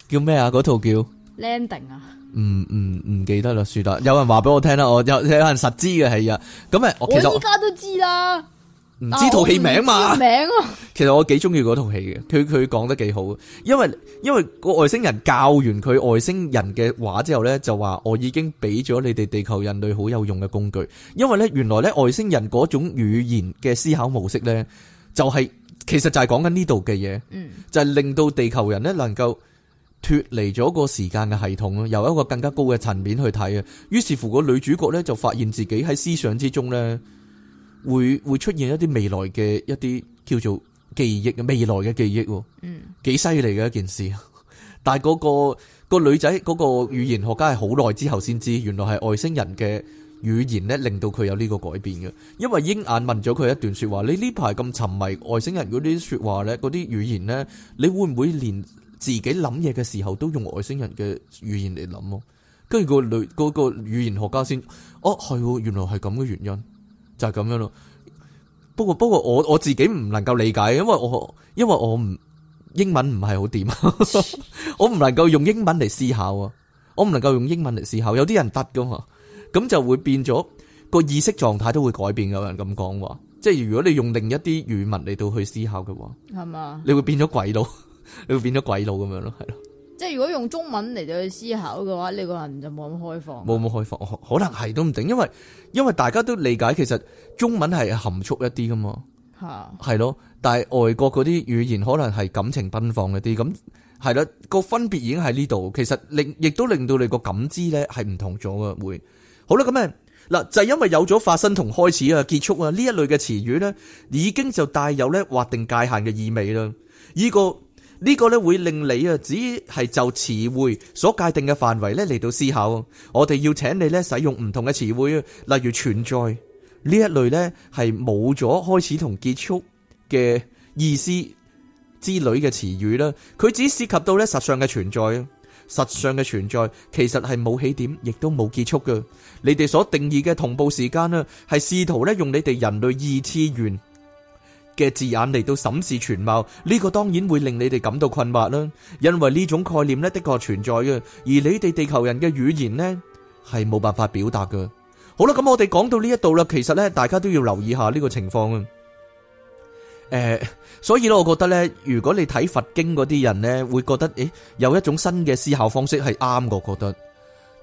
Speaker 2: 叫咩啊？嗰套叫
Speaker 1: landing 啊。
Speaker 2: 唔唔唔記得啦，算啦，有人話俾我聽啦，我有有人實知嘅係啊，咁啊，我依家都知啦，唔知套戲名嘛？名啊，其實我幾中意嗰套戲嘅，佢佢講得幾好，因為因為個外星人教完佢外星人嘅話之後咧，就話我已經俾咗你哋地球人類好有用嘅工具，因為咧原來咧外星人嗰種語言嘅思考模式咧，就係其實就係講緊呢度嘅嘢，嗯，就係令到地球人咧能夠。脫離咗個時間嘅系統，由一個更加高嘅層面去睇啊。於是乎，個女主角呢，就發現自己喺思想之中呢，會會出現一啲未來嘅一啲叫做記憶嘅未來嘅記憶，嗯，幾犀利嘅一件事。但係，嗰、嗰個、嗰個女仔嗰個語言學家係好耐之後先知，原來係外星人嘅語言呢，令到佢有呢個改變嘅。因為鷹眼問咗佢一段說話，你呢排咁沉迷外星人嗰啲說話呢？嗰啲語言呢？你會唔會連自己諗嘢嘅時候都用外星人嘅語言嚟諗咯，跟住個女、嗰個語言學家先，哦係，原來係咁嘅原因，就係、是、咁樣咯。不過不過我我自己唔能夠理解，因為我因為我唔英文唔係好掂， *laughs* 我唔能夠用英文嚟思考啊，我唔能夠用英文嚟思考。有啲人得噶嘛，咁就會變咗個意識狀態都會改變。有人咁講話，即係如果你用另一啲語文嚟到去思考嘅話，係嘛吧？你會變咗鬼佬。 *laughs* 你會變咗鬼佬咁樣咯，係咯？
Speaker 1: 即係如果用中文嚟到去思考嘅話，你個人就冇咁開放，
Speaker 2: 啊，冇咁開放，可能係都唔定，因為因為大家都理解，其實中文係含蓄一啲噶嘛，係咯，啊。但係外國嗰啲語言可能係感情奔放一啲，咁係啦。個分別已經喺呢度，其實令亦，亦都令到你個感知咧係唔同咗噶會。好啦，咁啊嗱，就係因為有咗發生同開始啊，結束啊呢一類嘅詞語咧，已經就帶有咧劃定界限嘅意味啦。呢個。呢個咧會令你啊，只係就詞彙所界定嘅範圍咧嚟到思考。我哋要請你咧使用唔同嘅詞彙，例如存在呢一類咧係冇咗開始同結束嘅意思之類嘅詞語啦。佢只涉及到咧實相嘅存在啊，實相嘅存在其實係冇起點，亦都冇結束嘅。你哋所定義嘅同步時間啊，係試圖咧用你哋人類二次元嘅字眼嚟到審視全貌，呢個當然會令你哋感到困惑啦。因為呢種概念呢，的確存在嘅，而你哋地球人嘅語言呢，係冇辦法表達嘅。好啦，咁我哋講到呢一度啦，其實呢，大家都要留意下呢個情況啊。誒、呃，所以咧，我覺得呢，如果你睇佛經嗰啲人呢，會覺得誒，有一種新嘅思考方式係啱，我覺得，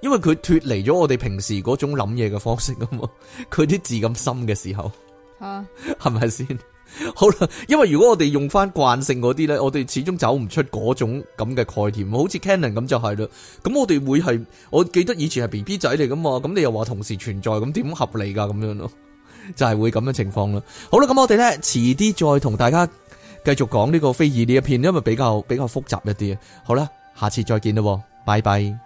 Speaker 2: 因為佢脫離咗我哋平時嗰種諗嘢嘅方式啊嘛。佢 *laughs* 啲字咁深嘅時候，吓係咪先？ *laughs* 是好啦，因為如果我哋用翻慣性嗰啲咧，我哋始終走唔出嗰種咁嘅概念，好似 Canon 咁就係啦。咁我哋會係，我記得以前係 BB 仔嚟噶嘛，咁你又話同時存在，咁點合理噶咁樣咯？就係會咁樣情況啦。好啦，咁我哋咧，遲啲再同大家繼續講呢個非二呢一片，因為比較比較複雜一啲。好啦，下次再見啦，拜拜。